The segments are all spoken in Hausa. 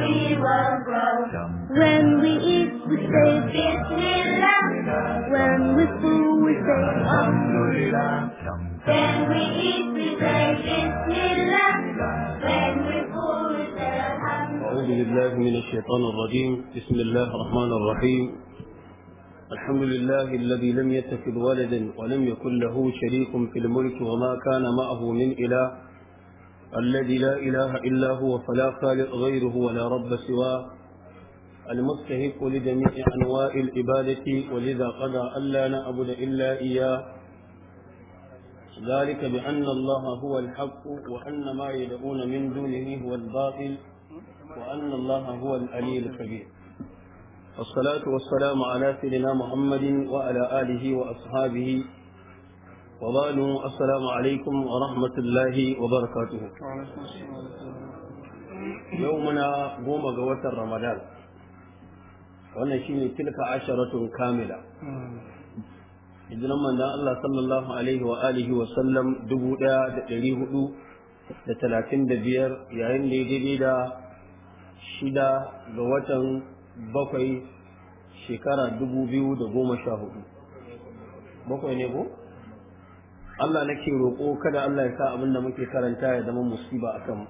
we will grow. When we eat, we say Bismillah. When we fool, we say Alhamdulillah. When we eat, we say Bismillah. When we fool, we say Alhamdulillah. أعوذ بالله من الشيطان الرجيم بسم الله الرحمن الرحيم الحمد لله الذي لم يتخذ ولدا ولم يكن له شريك في الملك وما كان معه من إله الذي لا إله إلا هو فلا خالق غيره ولا رب سواه المستهق لجميع أنواع العبادة ولذا قضى ألا نعبد إلا إياه ذلك بأن الله هو الحق وأن ما يدعون من دونه هو الباطل وأن الله هو العلي الكبير والصلاة والسلام على سيدنا محمد وعلى آله وأصحابه وبعد rahmatullahi wa barakatu. Yau muna goma ga watan Ramadan. wannan shine tilka asharatun kamila idan manzon Allah sallallahu alaihi wa alihi wa sallam 1435 yayin da biyar, ya daidai da shida ga watan bakwai shekara 2014 bakwai ne ko Allah nake roƙo kada Allah ya sa abin da muke karanta ya zama musiba a mu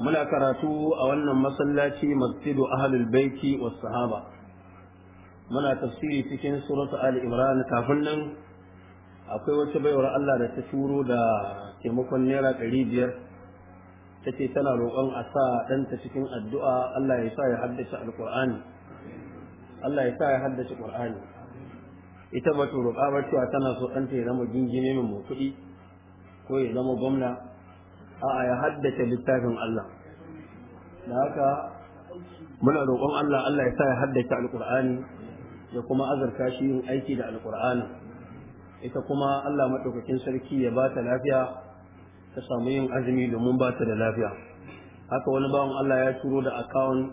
muna karatu a wannan masallaci masjidu ahlul baiti wa sahaba muna tafsiri cikin suratu ali imran kafin nan akwai wata baiwar Allah da ta turo da taimakon naira ɗari biyar ta ce tana roƙon a sa ɗanta cikin addu'a Allah ya sa ya haddace alƙur'ani Allah ya sa ya haddace ƙur'ani ita ba ta roƙa ba cewa tana so ɗanta ya zama gingine mai kuɗi ko ya zama gwamna a'a ya haddace littafin Allah da haka muna roƙon Allah Allah ya sa ya haddace alƙur'ani ya kuma azurta shi yin aiki da Alƙur'ani, ita kuma Allah maɗaukakin sarki ya ba ta lafiya ta samu yin azumi domin ba ta da lafiya haka wani bawan Allah ya turo da akawun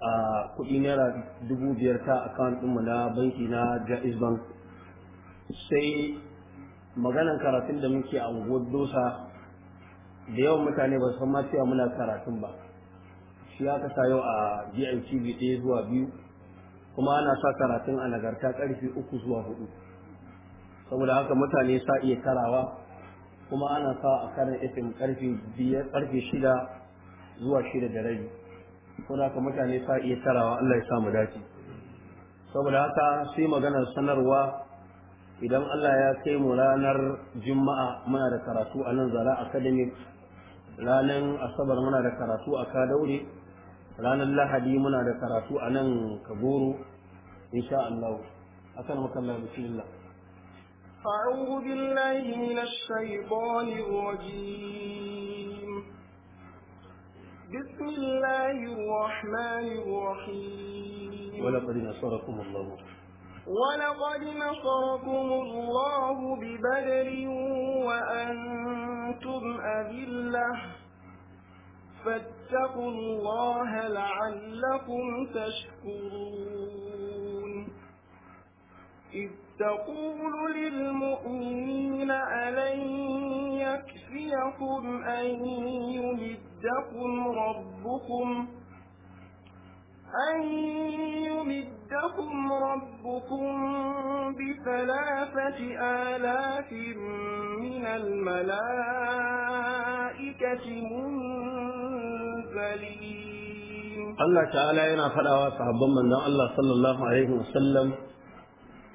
a kuɗi naira dubu biyar ta account ɗinmu na banki na jaiz bank sai maganan karatun da muke a unguwar dosa da yawan mutane ba san ma cewa muna karatun ba shi ya kasa yau a GITV ɗaya zuwa biyu kuma ana sa karatun a nagarta ƙarfe uku zuwa hudu saboda haka mutane sa iya karawa kuma ana sa a karin FM ƙarfe shida zuwa shida da rabi ko ka mutane sa iya tarawa Allah ya sa mu dace saboda haka sai maganar sanarwa idan Allah ya kai mu ranar juma'a muna da karatu a nan zara academy ranar asabar muna da karatu a kadaure ranar lahadi muna da karatu a nan kaburu insha Allah akan makalla bismillah أعوذ بالله من الشيطان الرجيم بسم الله الرحمن الرحيم ولقد نصركم الله ولقد نصركم الله ببدر وأنتم أذلة فاتقوا الله لعلكم تشكرون إذ تقول للمؤمنين ألن يكفيكم أن يمدكم ربكم أن يمدكم ربكم بثلاثة آلاف من الملائكة منزلين الله تعالى ينا فلا وصحبا الله صلى الله عليه وسلم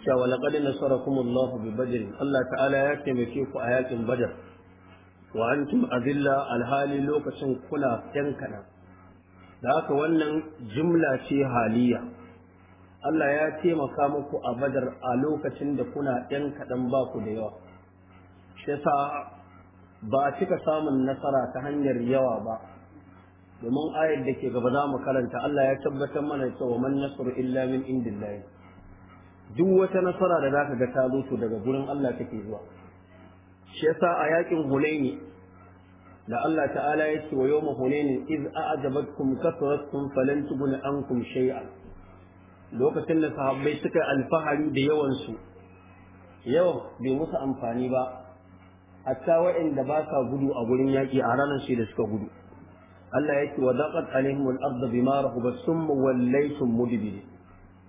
cewa laqad nasarakumullahu bi badr Allah ta'ala ya taimake ku a yakin badar wa antum azilla alhali lokacin kuna yan da haka wannan jumla ce haliya Allah ya taimaka muku a badar a lokacin da kuna yan kaɗan ba ku da yawa shi yasa ba a cika samun nasara ta hanyar yawa ba domin ayar da ke gaba za mu karanta Allah ya tabbatar mana cewa man nasru illa min indillahi duk wata nasara da ka ga ta zo to daga gurin Allah take zuwa shi yasa a yakin Hunaini da Allah ta'ala ya ce wa yawma Hunaini iz a'jabatkum kasratkum falan tughni ankum shay'an lokacin da sahabbai suka alfahari da yawan su yawan bai musu amfani ba hatta waɗanda ba sa gudu a gurin yaƙi a ranar shi da suka gudu Allah ya ce wa daqat alaihim al-ardu bima rahubat summa wallaytum mudbirin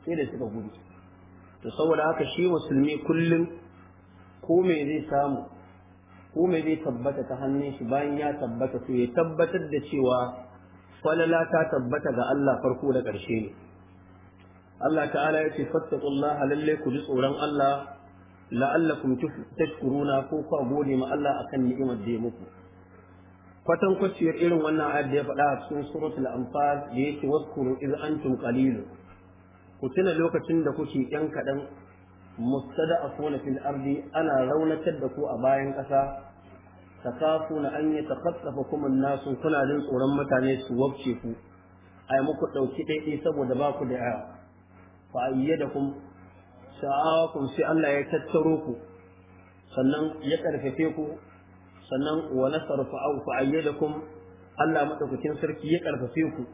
sai da suka gudu to saboda haka shi musulmi kullum ko me zai samu ko me zai tabbata ta hannun shi bayan ya tabbata to ya tabbatar da cewa falala ta tabbata ga Allah farko da ƙarshe ne Allah ta'ala ya ce fattaqullaha lalle ku ji tsoron Allah la'allakum tashkuruna ko ku gode ma Allah akan ni'imar da ya muku kwatan kwaciyar irin wannan ayat da ya faɗa a cikin suratul anfal da yake kuru iz antum qalilun ku tuna lokacin da kuke ƴan kaɗan mustada a fil ardi ana raunatar da ku a bayan ƙasa na an yi takassafa kuma nasu kuna jin tsoron mutane su wabce ku a yi muku ɗauki ɗaiɗai saboda ba ku da yawa fa da kun sha'awakum sai Allah ya tattaro ku sannan ya ƙarfafe ku sannan wa nasaru fa au fa ayyadakum Allah madaukakin sarki ya ƙarfafe ku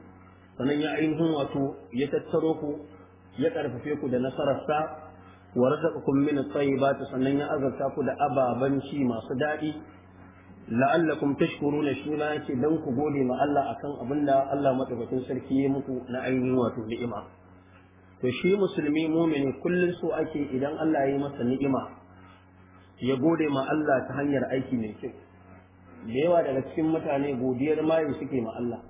sannan ya ainihin wato ya tattaro ku ya ƙarfafe ku da nasararsa wa razaqakum min at-tayyibati sannan ya azarta ku da ababan ci masu daɗi la'allakum tashkuruna shi ma yake dan ku gode ma Allah akan abin da Allah madaukakin sarki ya muku na ainihin wato ni'ima to shi musulmi mumini kullun so ake idan Allah ya yi masa ni'ima ya gode ma Allah ta hanyar aiki mai kyau da yawa daga cikin mutane godiyar mayu suke ma Allah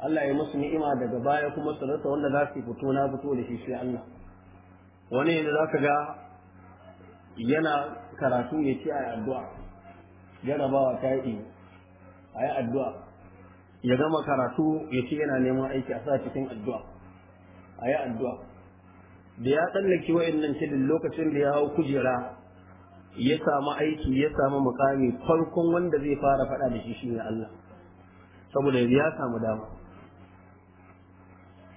Allah ya musu ni'ima daga baya kuma su rasa wanda za su fito na fito da shi shi Allah wani ne za ka ga yana karatu ya ce a yi addu'a jarabawa ta yi a yi addu'a ya gama karatu ya ce yana neman aiki a sa cikin addu'a a yi addu'a da ya tsallake nan shirin lokacin da ya hau kujera ya samu aiki ya samu mukami farkon wanda zai fara faɗa da shi shi ne Allah saboda ya samu dama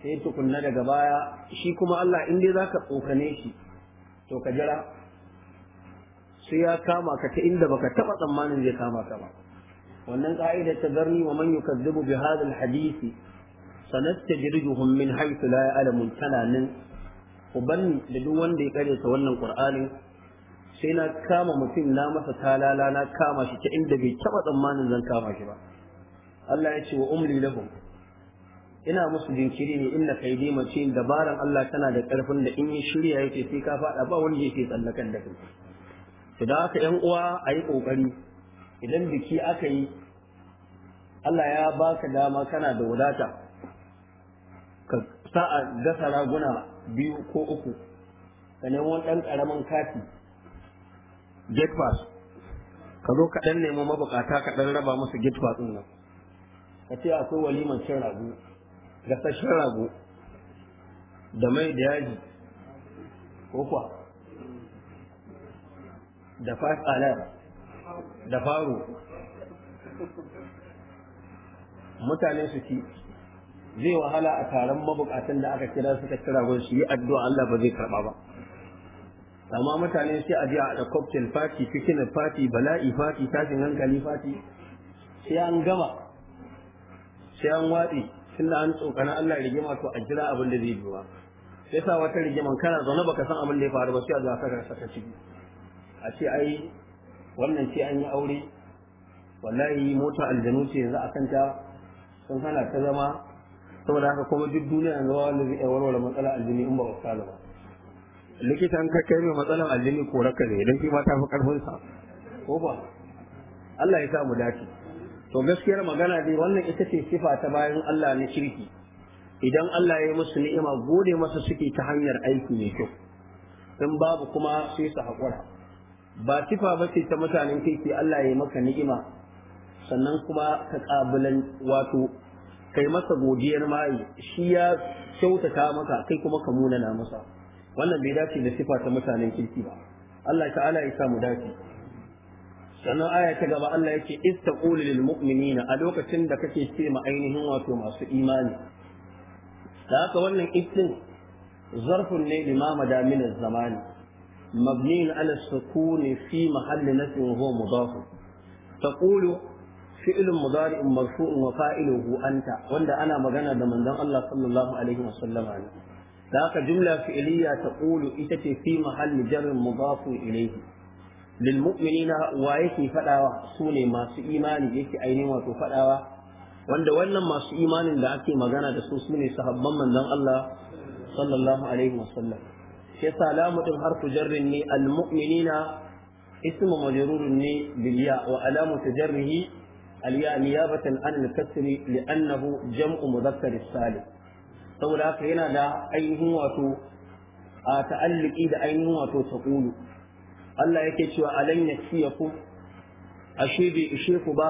sai tukunna daga baya shi kuma Allah in dai zaka tsokane shi to ka jira sai ya kama ka ta inda baka taba tsammanin zai kama ka ba wannan ka'idar ta zarni wa man yukazzibu bi hadha alhadisi sanastajriduhum min haythu la ya'lamun talanin ubanni da duk wanda ya kare wannan qur'anin sai na kama mutum na masa talala na kama shi ta inda bai taba tsammanin zan kama shi ba Allah ya ce wa umli lahum ina musu jinkiri ne inna kaidi mace dabaran Allah tana da karfin da in yi shirya yake sai ka faɗa ba wanda yake tsallakan da kai to da haka yan uwa a yi kokari idan biki aka yi Allah ya baka dama kana da wadata ka sa a gasa raguna biyu ko uku ka wani ɗan ƙaramin kati get pass ka zo ka ɗan nemo mabukata ka ɗan raba musu get pass ɗin nan ka ce akwai waliman cin ragu gasashen rago da mai da yaji ko kuwa da fatsalar da faro mutane su ci zai wahala a taron mabukatan da aka kira suka kira gun su yi addu'a Allah ba zai karba ba amma mutane sai a je a da cocktail party cikin party bala'i party tashin hankali party sai an gama sai an watsi tunda an tsokana Allah rigima to a jira abin da zai ba sai sa wata rigiman kana zaune baka san abin da ya faru ba sai Allah saka saka ciki a ce ai wannan ce an yi aure wallahi mota aljanu ce yanzu akan ta sun hana ta zama saboda haka kuma duk duniya yanzu ba wanda zai iya warware matsalar aljini in ba ka kala ba likitan ka kai mai matsalar aljini ko raka ne idan shi ma ta fi karfin sa ko ba Allah ya sa mu dace to gaskiyar magana dai wannan ita ce sifa ta bayan Allah na kirki idan Allah ya yi musu ni'ima gode masa suke ta hanyar aiki mai kyau in babu kuma sai su haƙura ba sifa ba ce ta mutanen kirki Allah ya maka ni'ima sannan kuma ka ƙabilan wato kai masa godiyar mayi shi ya kyautata maka kai kuma ka munana masa wannan bai dace da sifa ta mutanen kirki ba Allah ta'ala ya sa mu dace sannan aya ta gaba Allah yake istaqulu lil mu'minina a lokacin da kake ce ma ainihin wato masu imani da haka wannan istin zarfun ne limama da zamani mabni ala sukun fi mahalli nasb huwa mudaf taqulu fi'l mudari marfu' wa fa'iluhu anta wanda ana magana da manzon Allah sallallahu alaihi wasallam da haka jumla fi'liya taqulu ita ce fi mahalli jarrin mudaf ilayhi lil mu'minina wa yake fadawa su ne masu imani yake ainihin wato faɗawa? wanda wannan masu imanin da ake magana da su sune ne sahabban manzon Allah sallallahu alaihi wasallam sai salamu din harfu jarrin ne al mu'minina ismu majrurun ne bil ya wa alamatu jarrihi al ya niyabatan an al kasri li'annahu jam'u mudhakkar salim saboda haka yana da ainihin wato a ta'alliki da ainihin wato taqulu Allah yake cewa alan yaksiyakum ashe bai ishe ku ba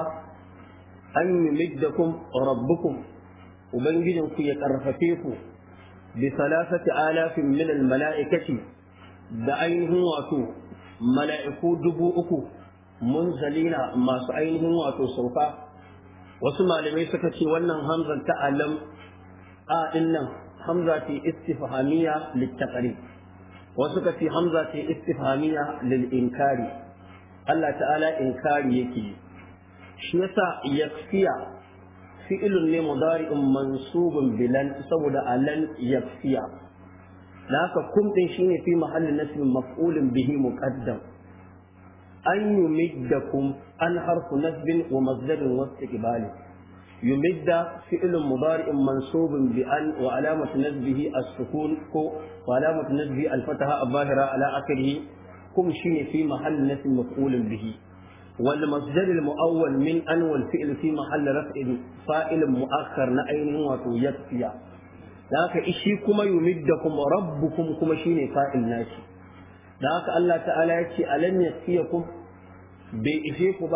an kun? rabbukum ubangijin ku ya karfafe ku bi salasati alafin min al mala'ikati da ainihin wato mala'iku dubu uku munzalina masu ainihin wato sauka wasu malamai suka ce wannan Hamza ta alam a nan hamza ce istifhamiya littaqari wasu ka hamza ce istifhamiya lil inkari Allah ta'ala inkari yake shi yasa yakfiya fi'ilun ne mudari'un mansubun bilan saboda alan yakfiya haka kum din shine fi mahallin nasbin maf'ulin bihi muqaddam an yumiddakum an harfu nasbin wa masdarin wastiqbali يمد فعل مضارع منصوب بأن وعلامة نسبه السكون كو وعلامة نسبه الفتحة الظاهرة على آخره كم شيء في محل نسب مفعول به والمصدر المؤول من أن والفعل في محل رفع فاعل مؤخر نأين وتو يكفي ذاك إشي كما يمدكم ربكم كما شين فاعل ناشي ذاك الله تعالى يكفي ألم يكفيكم بإشيكم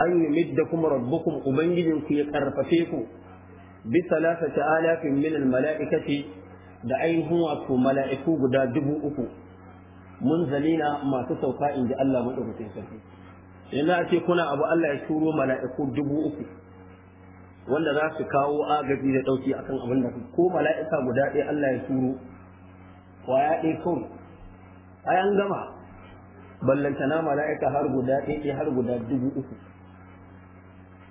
an yumiddakum rabbukum ubangijinku ya karfafe ku bi salasati alafin min al mala'ikati da ainihin wato mala'iku guda dubu uku munzalina masu sauka in ji Allah madaukakin sarki yanzu a ce kuna abu Allah ya turo mala'iku dubu uku wanda za su kawo agaji da ɗauki akan abin da ko mala'ika guda ɗaya Allah ya turo kwaya ɗaya kawai a yan gama ballantana mala'ika har guda ɗaya har guda dubu uku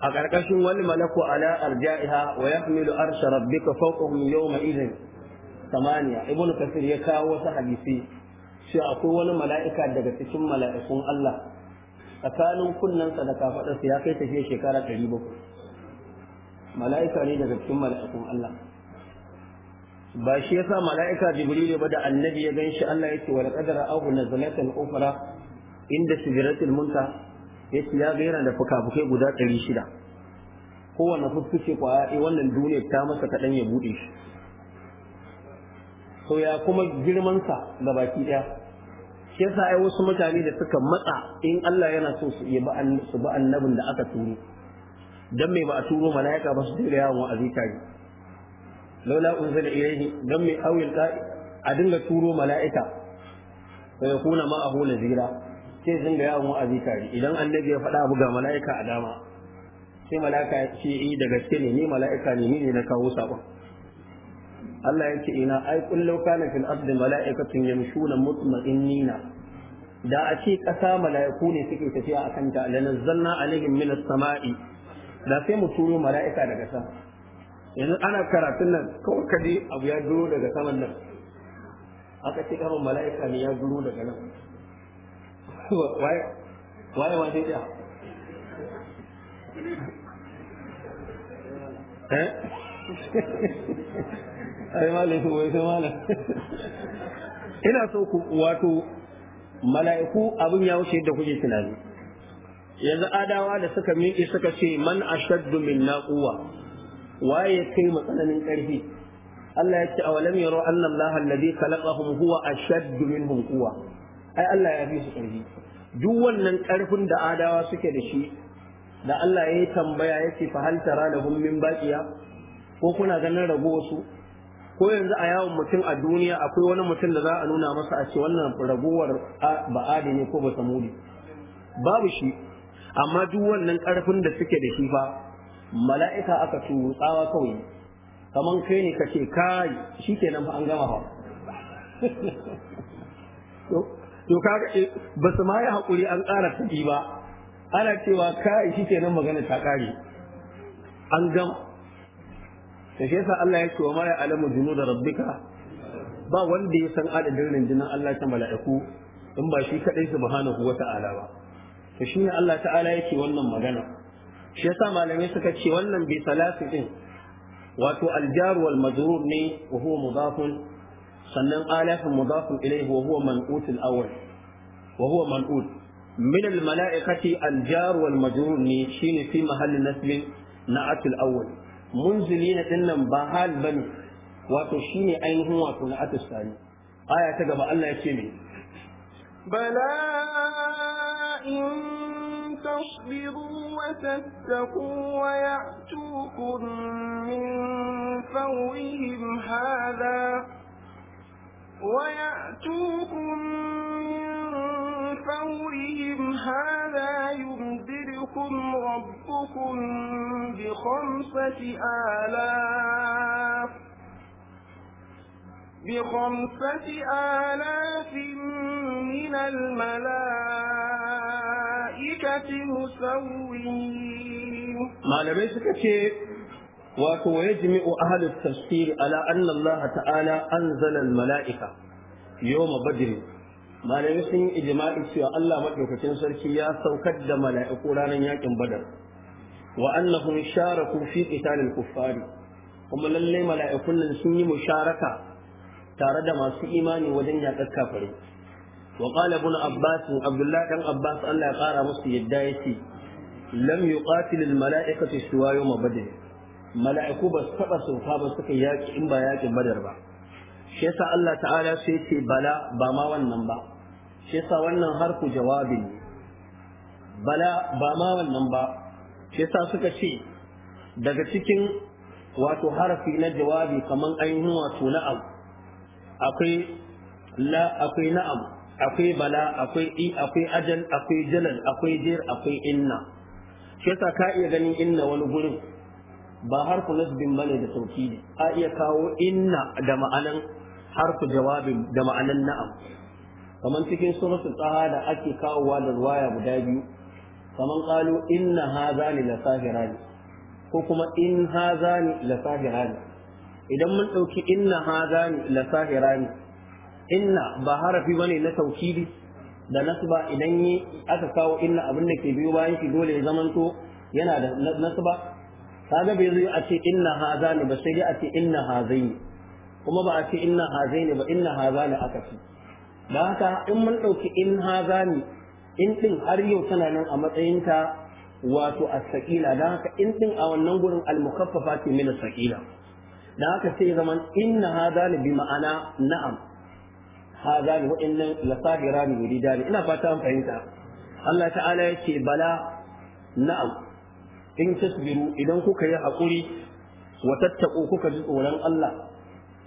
a ƙarƙashin wani malaku ala arja'iha wa yahmilu arsha rabbika fawqahum yawma idhin samaniya ibnu kasir ya kawo wasu hadisi shi akwai wani mala'ika daga cikin mala'ikun Allah tsakanin sa da kafaɗarsa ya kai tafiya shekara ɗari bakwai mala'ika ne daga cikin mala'ikun Allah ba shi yasa mala'ika jibril ba da annabi ya ganshi Allah yake wa laqad ra'ahu nazlatan ukhra inda sidratil muntaha ya ce ya ga da fuka guda ɗari shida kowane fuffuke kwaya wannan duniyar ta masa kaɗan ya buɗe shi to ya kuma girmansa ga baki ɗaya shi yasa ai wasu mutane da suka matsa in Allah yana so su yi su ba annabin da aka turo dan me ba a turo malaika ba su dira yawon wa'azi tare laula unzila ilayhi dan me awil a dinga turo malaika sai kuna ma na zira. sai sun ga yawon wa'azi tare idan annabi ya faɗa abu ga mala'ika a dama sai mala'ika ya ce eh da gaske ne ni mala'ika ne ni ne na kawo sabon Allah ya ce ina ai kullu kana fil ardi mala'ikatun yamshuna mutma'innina da a ce ƙasa mala'iku ne suke tafiya akan ta lanazzalna alaihim min as-sama'i da sai mu turo mala'ika daga sama yanzu ana karatun nan kawai kaje abu ya duro daga saman nan aka ce karon mala'ika ne ya duro daga nan waye waye eh ay ko ina so ku wato mala'iku abin ya wuce da kuke tunani yanzu adawa da suka miƙe suka ce man ashaddu min naquwa waye kai matsananin ƙarfi Allah ya ce awalam yaro anna alladhi khalaqahum huwa ashaddu minhum quwwa ai Allah ya fi su ƙarfi duk wannan ƙarfin da adawa suke da shi da Allah ya yi tambaya ya ce fa hal tara min baƙiya ko kuna ganin rago wasu ko yanzu a yawon mutum a duniya akwai wani mutum da za a nuna masa a ce wannan ragowar ba'adi ne ko ba ne babu shi amma duk wannan ƙarfin da suke da shi fa mala'ika aka turu tsawa kawai kamar kai ne ka ce kai nan fa an gama fa to kaga eh, ba su ma yi haƙuri an ƙara kuɗi ba ana cewa kai shi kenan magana ta ƙare an gam da shi yasa Allah ya ce wa ma ya alamu junuda rabbika ba wanda ya san adadin rundunar Allah ta mala'iku in ba shi kaɗai subhanahu wata'ala ba to shine Allah ta'ala yake wannan magana shi yasa malamai suka ce wannan bi salati din wato aljar wal majrur ne wa huwa mudafun sannan alafin mudafin ilaihi wa huwa man'ut al-awwal wa huwa man'ut min al-mala'ikati al-jar wal majrur ne shine fi mahalli nasbin na'at al-awwal munzilina dinnan ba hal bane wato shine ainihin wato na'at al-sani aya ta gaba Allah ya ce me bala in تصبروا وتتقوا ويأتوكم من فورهم هذا ويأتوكم من فورهم هذا يمدركم ربكم بخمسة آلاف بخمسة آلاف من الملائكة مسوين ما لم يسكت wato wa yajmi'u ahli tafsir ala anna Allah ta'ala anzala al-mala'ika yawma badr malamai sun yi ijma'i cewa Allah madaukakin sarki ya saukar da mala'iku ranar yakin badar wa annahum sharaku fi qitalil kuffari kuma lallai mala'ikun nan sun yi musharaka tare da masu imani wajen yaƙar kafare wa qala ibn abbas abdullah dan abbas Allah ya ƙara musu yadda yace lam yuqatil al mala'ikatu siwa yawm badr mala'iku ba su taɓa sauka ba suka yaƙi in ba yaƙin badar ba shi yasa Allah ta'ala sai ce bala ba ma wannan ba shi yasa wannan harku jawabin ne bala ba ma wannan ba shi yasa suka ce daga cikin wato harafi na jawabi kaman ainihin wato na'am akwai la akwai na'am akwai bala akwai i akwai ajal akwai jalal akwai jir akwai inna shi yasa ka iya ganin inna wani gurin ba harfu nasbin bane da ne a iya kawo inna da ma'anan harfu jawabin da ma'anan na'am kamar cikin suratul tsaha da ake kawowa da ruwaya guda biyu kamar kalu inna hazani la sahirani ko kuma in hazani la sahirani idan mun dauki inna hazani la sahirani inna ba harafi bane na taukidi da nasba idan aka kawo inna abin da ke biyo bayan shi dole ya zamanto yana da nasba kaga bai zai a ce inna haza ne ba sai dai a ce inna ne kuma ba a ce inna ne ba inna haza ne aka fi da haka in mun ɗauki in haza ne in ɗin har yau tana nan a matsayinta wato a saƙila da haka in ɗin a wannan gurin almukaffafa ce mina saƙila da haka sai zama inna haza ne bi ma'ana na'am haza ne waɗannan lasahira ne wuri ina fata fahimta Allah ta'ala ya ce bala na'am in tasbiru idan kuka yi haƙuri wa tattaku kuka ji tsoron Allah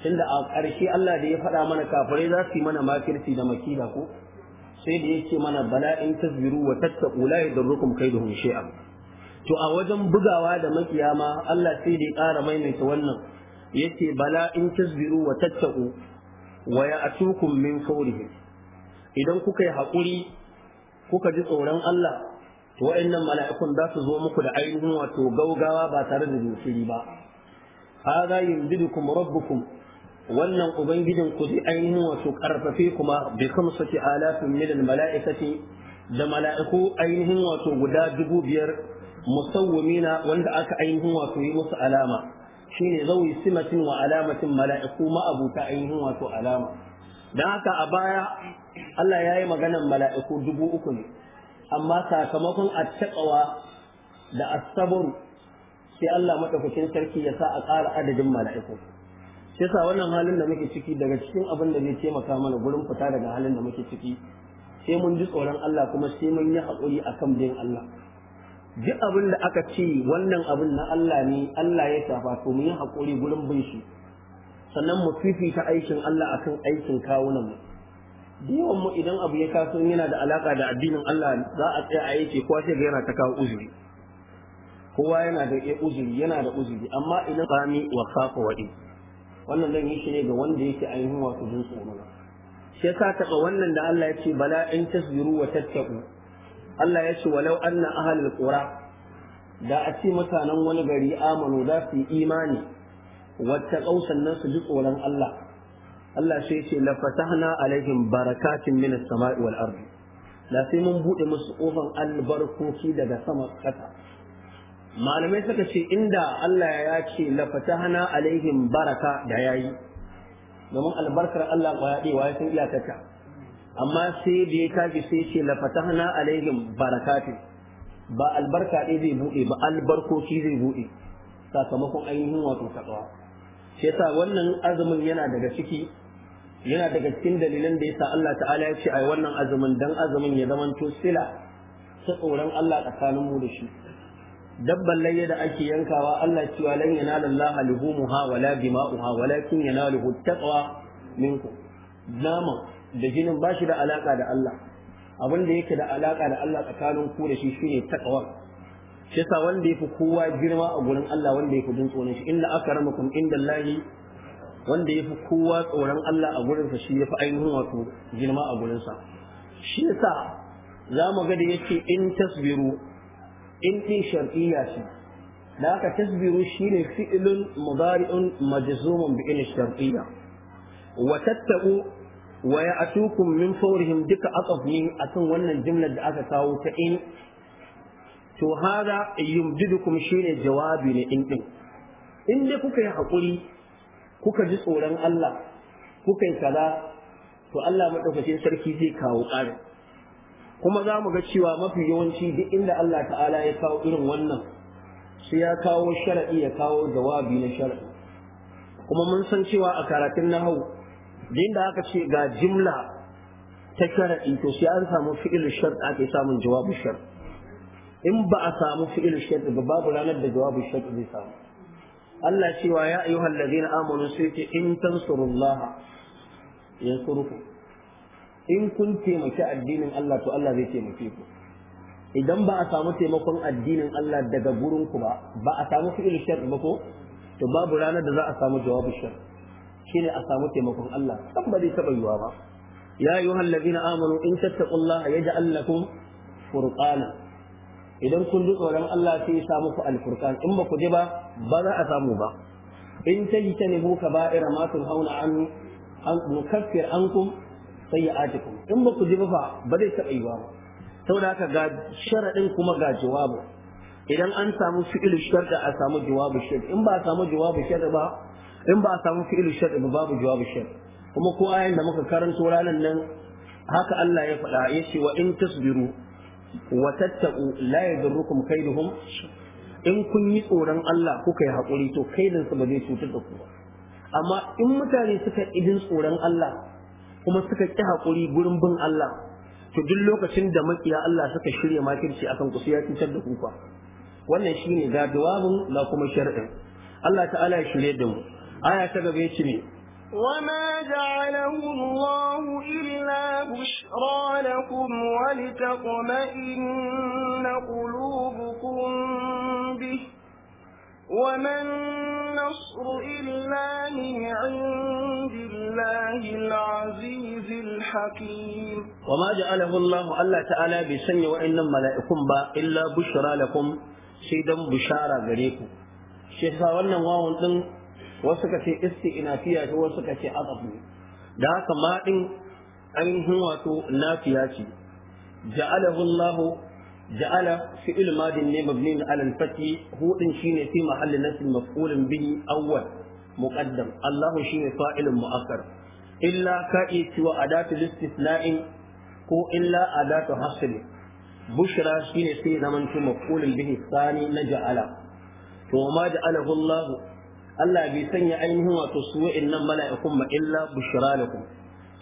tunda a ƙarshe Allah da ya faɗa mana kafirai za su yi mana makirci da makila ko sai da yake mana bala in tasbiru wa tattaku la yadurrukum kaiduhum shay'an to a wajen bugawa da makiyama Allah sai da ya ƙara maimaita wannan yace bala in tasbiru wa tattaku wa ya'tukum min fawrihim idan kuka yi haƙuri kuka ji tsoron Allah wa'annan mala'ikun za su zo muku da ainihin wato gaugawa ba tare da jinkiri ba hadha yumdidukum rabbukum wannan ubangijin ku zai ainihin wato karfafe kuma bi khamsati alafin milal mala'ikaci mala'ikati da mala'iku ainihin wato guda dubu biyar musawwimina wanda aka ainihin wato yi musu alama shine zawi simatin wa alamatin mala'iku ma'abuta ainihin wato alama dan haka a baya Allah ya yi maganan mala'iku dubu uku ne amma sakamakon taɓawa da asabaru sai Allah madaukakin sarki ya sa a ƙara adadin mala'iku sai sa wannan halin da muke ciki daga cikin abin da zai taimaka mana gurin fita daga halin da muke ciki sai mun ji tsoron Allah kuma sai mun yi haƙuri a kan bin Allah duk abin da aka ce wannan abin na Allah ne Allah ya shafa to mu yi haƙuri gurin bin shi sannan mu fifita aikin Allah akan aikin kawunan mu yawan mu idan abu ya kaso yana da alaka da addinin Allah za a tsaya a yake kowa sai yana ta kawo uzuri kowa yana da uzuri yana da uzuri amma idan sami wa kafa wadi wannan zan yi shi ne ga wanda yake ainihin wasu jin tsoro shi yasa taba wannan da Allah ya ce bala in tasbiru wa tattaqu Allah ya ce walau anna ahlul qura da a ce mutanen wani gari amanu za su yi imani wata kausan nan su ji tsoron Allah Allah sai ya ce la fatahna alaihim barakatin min as-sama'i wal ardi la sai mun bude musu kofan albarkoki daga sama kasa malamai suka ce inda Allah ya ce la fatahna alaihim baraka da yayi domin albarkar Allah ya dai wai sun iyakata amma sai da ya kaji sai ce la fatahna alaihim barakatin ba albarka ɗaya zai buɗe ba albarkoki zai buɗe sakamakon ainihin wato takawa shi yasa wannan azumin yana daga ciki yana daga cikin dalilan da yasa Allah ta'ala ya ce ai wannan azumin dan azumin ya zamanto sila ta tsoron Allah tsakanin mu da shi dabban layya da ake yankawa Allah cewa lan yanala Allah luhumuha wala dima'uha walakin yanaluhu taqwa minku Naman da jinin ba shi da alaka da Allah abin da yake da alaka da Allah tsakanin ku da shi shine taqwa shi wanda wanda yafi kowa girma a gurin Allah wanda yafi jin tsoron shi inna akramakum indallahi wanda yafi kowa tsoron Allah a gurinsa shi yafi ainihin wato girma a gurinsa shi yasa za mu ga da yake in tasbiru in din shar'iyya shi. da aka tasbiru shine fi'ilun mudari'un majzumun bi shar'iyya wa tattabu wa ya'tukum min fawrihim duka aqaf akan wannan jimlar da aka kawo ta in to hada yumdidukum shine jawabi ne in din in dai kuka yi hakuri kuka ji tsoron Allah kuka yi kaza to Allah madaukakin sarki zai kawo ƙari. kuma za mu ga cewa mafi yawanci duk inda Allah ta'ala ya kawo irin wannan sai ya kawo shara'i ya kawo jawabi na shara'i kuma mun san cewa a karatun nahau da inda aka ce ga jimla ta shara'i to sai an samu fi'il shart ake samun jawabu shart in ba a samu fi'il shart ba babu ranar da jawabu shart zai samu Allah cewa ya ayyuhal ladina amanu sai ce in tansurullah yansurukum in kun taimaki addinin Allah to Allah zai taimake ku idan ba a samu taimakon addinin Allah daga gurin ku ba ba a samu fi'il shar ba ko to babu ranar da za a samu jawabin shar shine a samu taimakon Allah kan ba zai taba yiwa ba ya ayyuhal ladina amanu in tattaqullaha yaj'al lakum furqana idan kun ji tsoron Allah sai ya sa muku alfurqan in ba ku je ba ba za a samu ba in ta tajtanibu kaba'ira ma hauna an an nukaffir ankum sayyi'atikum in ba ku ji ba ba zai taɓa yi ba saboda haka ga sharadin kuma ga jawabu idan an samu fi'il sharda a samu jawabu shar in ba a samu jawabu shar ba in ba a samu fi'il shar ba babu jawabu shar kuma ko ayan da muka karanto ranan nan haka Allah ya faɗa yace wa in tasbiru wa tattaqu la yadurrukum kaiduhum in kun yi tsoron Allah kuka yi haƙuri to kaidin su ba zai cutar da ku amma in mutane suka idin tsoron Allah kuma suka ƙi haƙuri gurin bin Allah to duk lokacin da makiya Allah suka shirya makirci akan ku sai ya cutar da ku wannan shine ga dawabun la kuma shar'in Allah ta'ala ya shirye da mu aya ta gaba ya ce ne وما جعله الله إلا بشرى لكم ولتطمئن قلوبكم به وما النصر إلا من عند الله العزيز الحكيم وما جعله الله ألا تعالى بسن وإن ملائكم با إلا بشرى لكم سيدا بشارة غريكم شيخا ونواهم wasu ka ce fiya ce wasu ka ce adab da haka ma din ainihin wato nafiya ce ja'alahu Allah ja'ala fi'il madin ne mabni ala al-fathi hu din shine fi mahalli nasb maf'ulun bihi awwal muqaddam Allah shine fa'ilun mu'akkar illa ka'i wa adatu istisna'in ko illa adatu hasl bushra shine sai zamantu maf'ulun bihi thani na ja'ala to ma ja'alahu Allah Allah bai sanya ainihin wato su wa'annan mala'ikun ma illa bushra lakum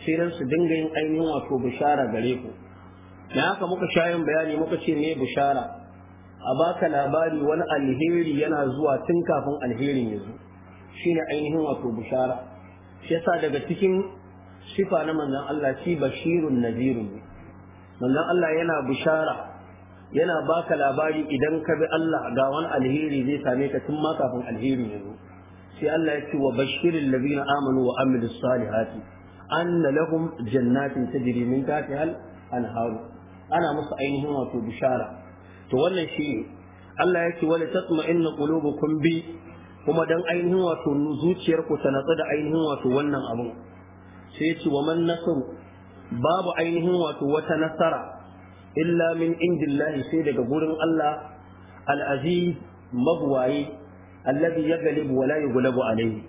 sai dan su dinga yin ainihin wato bushara gare ku da haka muka sha yin bayani muka ce me bushara a baka labari wani alheri yana zuwa tun kafin alherin ya zo shine ainihin wato bushara shi yasa daga cikin sifa na manzon Allah shi bashirun nazirun ne manzon Allah yana bushara yana baka labari idan ka bi Allah ga wani alheri zai same ka tun ma kafin alherin ya zo sai Allah ya ce wa bashirin ladina amanu wa amilus salihati anna lahum jannatin tajri min tahtiha al ana musu ainihin wato bishara to wannan shi Allah ya ce wala tatma'inna kun bi kuma dan ainihin wato zuciyar ku ta natsu da ainihin wato wannan abun sai ya ce wa man babu ainihin wato wata nasara illa min indillahi sai daga gurin Allah al-aziz magwaye alladhi yaghlibu wa la yughlabu alayhi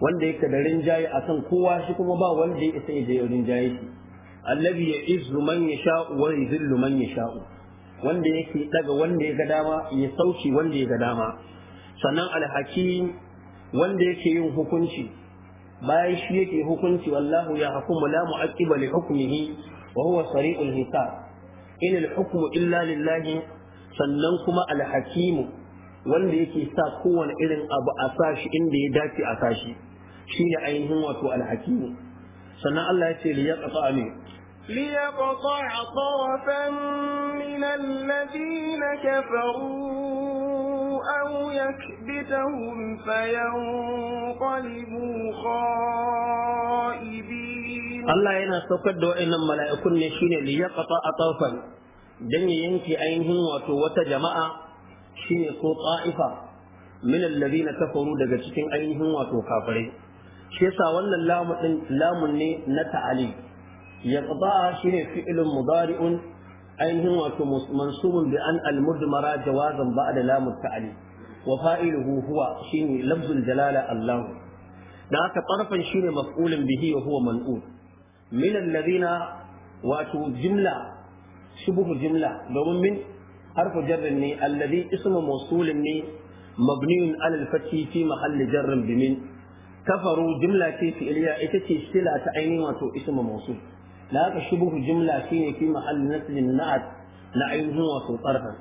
wanda yake da rinjaye a kan kowa shi kuma ba wanda ya isa ya rinjaye shi alladhi ya'izzu man yasha'u wa yuzillu man yasha'u wanda yake daga wanda ya ga dama ya sauki wanda ya ga dama sannan alhakim wanda yake yin hukunci bayan shi yake hukunci wallahu ya hukumu la mu'aqqiba li hukmihi wa huwa sari'ul hisab in al-hukmu illa lillahi sannan kuma al-hakimu wanda yake sa kowane irin abu a sashi inda ya dace a sashi shine ainihin wato alhakimu sannan Allah ya ce li yaqta ne ليقطع طرفا من الذين كفروا أو يكبتهم فينقلبوا خائبين الله ينا سوكر دو إن الملائكة نشين ليقطع طرفا دن ينكي أينهم وتو وتجماعة shine ko ta'ifa min alladhina kafaru daga cikin ainihin wato kafirai shi yasa wannan lamun lamun ne na ta'ali yaqda shine fi'lun mudari'un ainihin wato mansubun bi an al-mudmara jawazan ba'da lamun ta'ali wa fa'iluhu huwa shine lafzul jalala Allah da aka tarfan shine maf'ulun bihi wa huwa man'ut min alladhina wato jimla shubuhu jimla domin min harfu jarrin ne alladhi ismu mawsulin ne mabniun ala al-fathi fi mahalli jarrin bimin kafaru jumla ce fi'liya ita ce sila ta ainihin wato ismu mawsul da haka shubuhu jumla ce ne fi mahalli naslin na'at na ainihin wato tsarfan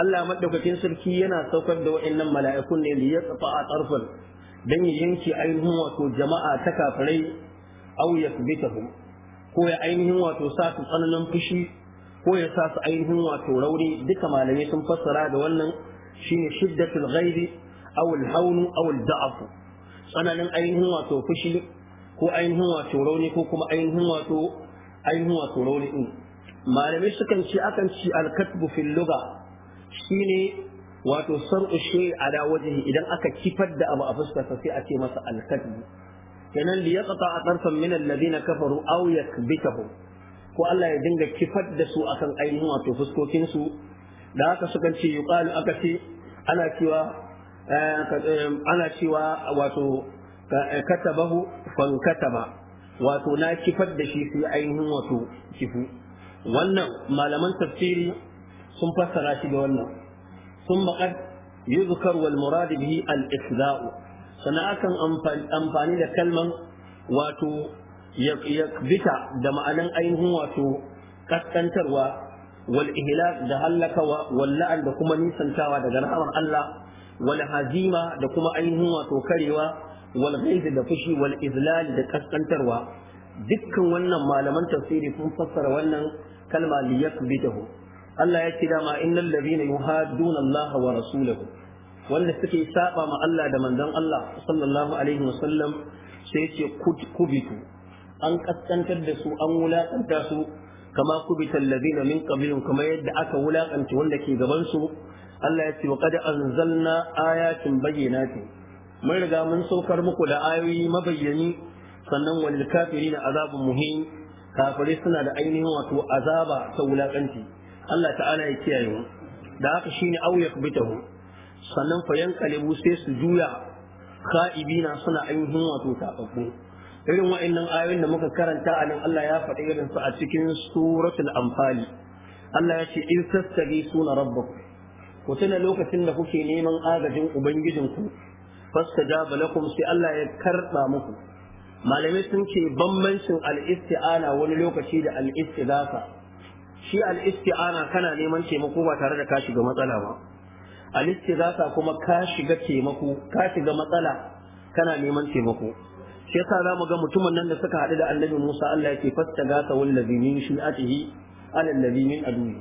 Allah madaukakin sarki yana saukar da waɗannan mala'ikun ne li yaqta a tsarfan dan ya yanke ainihin wato jama'a ta kafirai aw yasbitahum ko ya ainihin wato sa tsananin fushi ko ya sa su ainihin wato rauni duka malamai sun fassara da wannan shine shiddatul ghaibi aw al-hawn aw al-da'f tsananin ainihin wato fushi ko ainihin wato rauni ko kuma ainihin wato ainihin wato rauni din malamai sukan ce akan ci al-katbu fil lugha shine wato sar'u shay'i ala wajhi idan aka kifar da abu a fuskar sa sai a ce masa al-katbu kenan li yaqta tarfan min alladhina kafaru aw yakbitahum ko Allah ya dinga kifar da su akan ainihin wato fuskokinsu, da haka sukan ce yuqalu aka ce ana cewa eh, eh, ana cewa wato eh, katabahu kataba, wato na kifar da shi su ainihin wato kifu wannan malaman tafsiri sun fassara shi da wannan sun maƙad yuzkar wal murad bihi al isda'u sana'akan amfani da kalman wato ya bita da ma'anan ainihin wato kaskantarwa wal ihlak da hallakawa wal la'an da kuma nisantawa daga rahamar Allah wal hazima da kuma ainihin wato karewa wal da fushi wal izlal da kaskantarwa dukkan wannan malaman tafsiri sun fassara wannan kalma liyakbitahu Allah ya ce dama innal ladhina yuhadduna Allah wa rasulahu wanda suke saba ma Allah da manzon Allah sallallahu alaihi wasallam sai ya ce kubitu an kaskantar da su an wulakanta su kama kubita alladhina min qablihim kama yadda aka wulakanta wanda ke gaban su Allah ya ce wa qad anzalna ayatin bayyinatin mun riga mun saukar muku da ayoyi mabayyani sannan walil kafirin azabun muhim kafire suna da ainihin wato azaba ta wulakanci Allah ta'ala ya kiyaye mu da haka shine aw yakbitahu sannan fa yankalibu sai su juya Ka'ibina suna ainihin wato tababbu irin wa'annan ayoyin da muka karanta a nan Allah ya faɗi irin su a cikin suratul anfali Allah ya ce in tastabi suna rabbaku ku tuna lokacin da kuke neman agajin ubangijinku fastaja balakum sai Allah ya karba muku malamai sun ce bambancin al-isti'ana wani lokaci da al-istidafa shi al-isti'ana kana neman taimako ba tare da ka shiga matsala ba al-istidafa kuma ka shiga taimako ka shiga matsala kana neman taimako shi yasa zamu ga mutumin nan da suka haɗu da annabi Musa Allah yake fastaga ta wallazi min shi'atihi ala allazi min aduni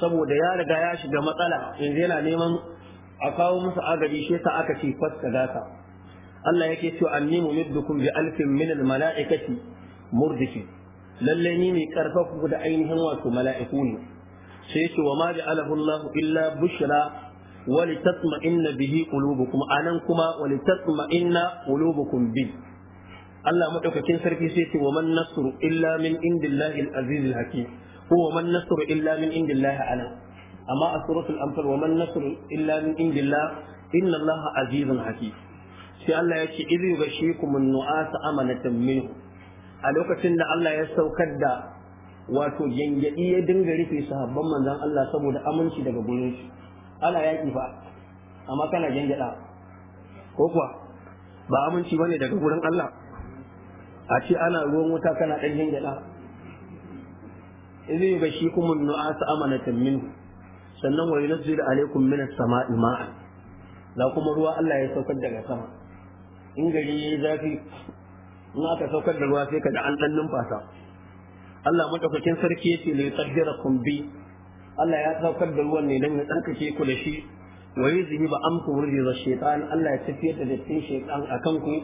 saboda ya riga ya shiga matsala yanzu yana neman a kawo musu agaji shi yasa aka ce fastaga ta Allah yake cewa anni mumiddukum bi alfin min al mala'ikati murdifin lalle ni mai karfafa da ainihin wato mala'iku ne sai ce wa ma ja'alahu Allah illa bushra wa litatma'inna bihi qulubukum anan kuma wa litatma'inna qulubukum bihi Allah madaukakin sarki sai ce wa man nasru illa min indillahi al-aziz al-hakim ko wa man nasru illa min indillahi ala, amma a suratul anfal wa man nasru illa min indillahi inna allaha azizun hakim sai Allah ya ce idh yughashikumun nu'asa amanatan minhu a lokacin da Allah ya saukar da wato gyangyaɗi ya dinga rufe sahabban manzon Allah saboda aminci daga gurin shi ana yaƙi fa amma kana gyangyaɗa ko kuwa ba aminci bane daga gurin Allah a ce ana ruwan wuta kana ɗanyen gyaɗa idan ga shi kuma nu'asa amanatan min sannan wa yunzil alaikum min as-sama'i ma'an la kuma ruwa Allah ya saukar daga sama in gari yayi zafi in aka saukar da ruwa sai ka da an dan numfasa Allah madaukakin sarki yace la yutahhirakum bi Allah ya saukar da ruwan ne dan ya tsarkake ku da shi wa yuzhiba amkum rijza shaytan Allah ya tafiyar da dattin shaytan akan ku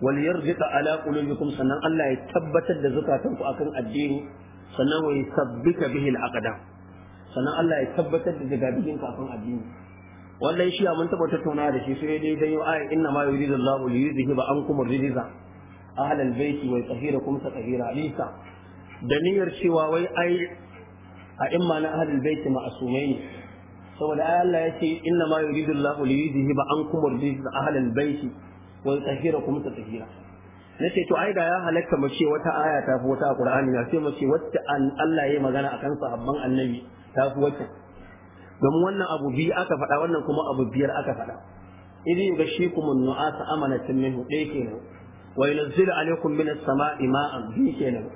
Waliyar yarjika ala qulubikum sannan Allah ya tabbatar da zukatanku akan addini sannan wa yusabbita bihi al sannan Allah ya tabbatar da jigabijinku akan addini wannan shi mun taba tattauna da shi sai dai dan yau ayi inna ma yuridu Allahu li yuzhiba ankum ar-rijza ahla al-bayti wa yutahhirakum tatahira alisa da niyyar cewa wai a imma na ahli al-bayti ma'sumai ne saboda Allah ya ce inna wa yutahhirakum tatheera nace to ai da ya halatta mu ce wata aya ta fi wata Qur'ani na sai mu ce wacce an Allah yayi magana akan sahabban annabi ta fi wacce domin wannan abu biyu aka faɗa wannan kuma abu biyar aka faɗa idin ga shi kuma nu'asa amanatin minhu ɗaya kenan wa yunzilu alaykum minas sama'i ma'an bi kenan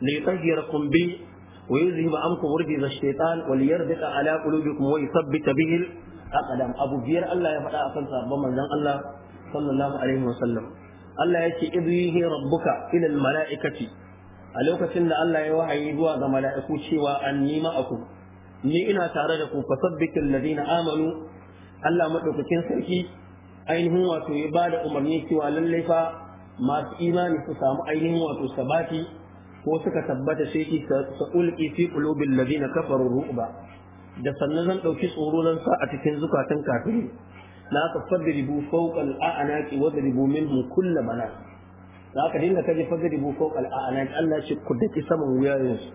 li yutahhirakum bi wa ويذهب عنكم رجز الشيطان وليربط على قلوبكم ويثبت به الأقدام أبو بير الله يفعل أكن صاحب من Allah. sallallahu alaihi wasallam Allah ya ce idhihi rabbuka ila mala'ikati a lokacin da Allah ya wahayi zuwa ga mala'iku cewa anni ma'akum ni ina tare da ku fasabbitul ladina amanu Allah madaukakin sarki ainihin wato ya da umarni cewa lallai fa masu imani su samu ainihin wato sabati ko suka tabbata sai ki sa'ulqi fi qulubil ladina kafaru ru'ba da sannan zan dauki tsoro zan sa a cikin zukatan kafiri na ka fadribu fawqa al-a'naqi wa dribu minhu kull bana. za ka dinga kaje fadribu fawqa al Allah shi ku dake saman wuyayen su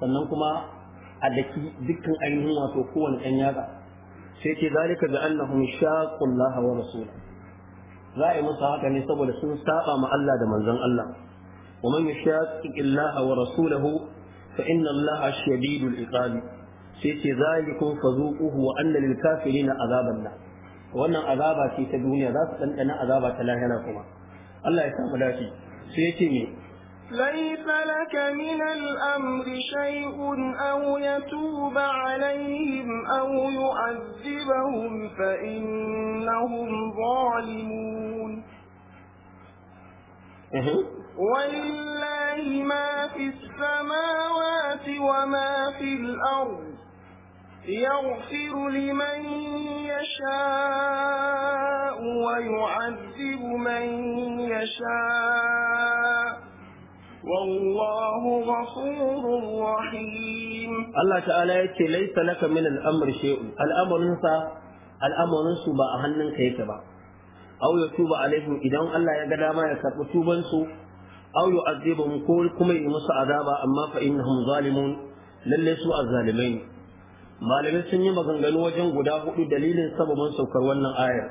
sannan kuma a daki dukkan ainihin wato kowane ɗan yatsa sai ce zalika bi annahum shaqu Allah wa rasulahu za a yi musu haka ne saboda sun saba ma Allah da manzon Allah wa man yashaqiq Allah wa rasulahu fa inna Allah shadidul iqabi sai ce zalikum fazuquhu wa anna lil kafirin azaban nar wannan azaba ce ta duniya za su ɗanɗana azaba ta lahira kuma Allah ya samu dace sai ya ce me ليس لك من الأمر شيء أو يتوب عليهم أو يعذبهم فإنهم ظالمون ولله ما في السماوات وما في الأرض يغفر لمن يشاء ويعذب من يشاء والله غفور رحيم الله تعالى يتي ليس لك من الأمر شيء الأمر نسا الأمر نسو بأهنن كيك أو يتوب عليهم إذا الله يقدر ما يكتب توبا سو أو يعذبهم كل كما يمس عذابا أما فإنهم ظالمون لن سوء الظالمين malamai sun yi maganganu wajen guda hudu dalilin sababin saukar wannan ayar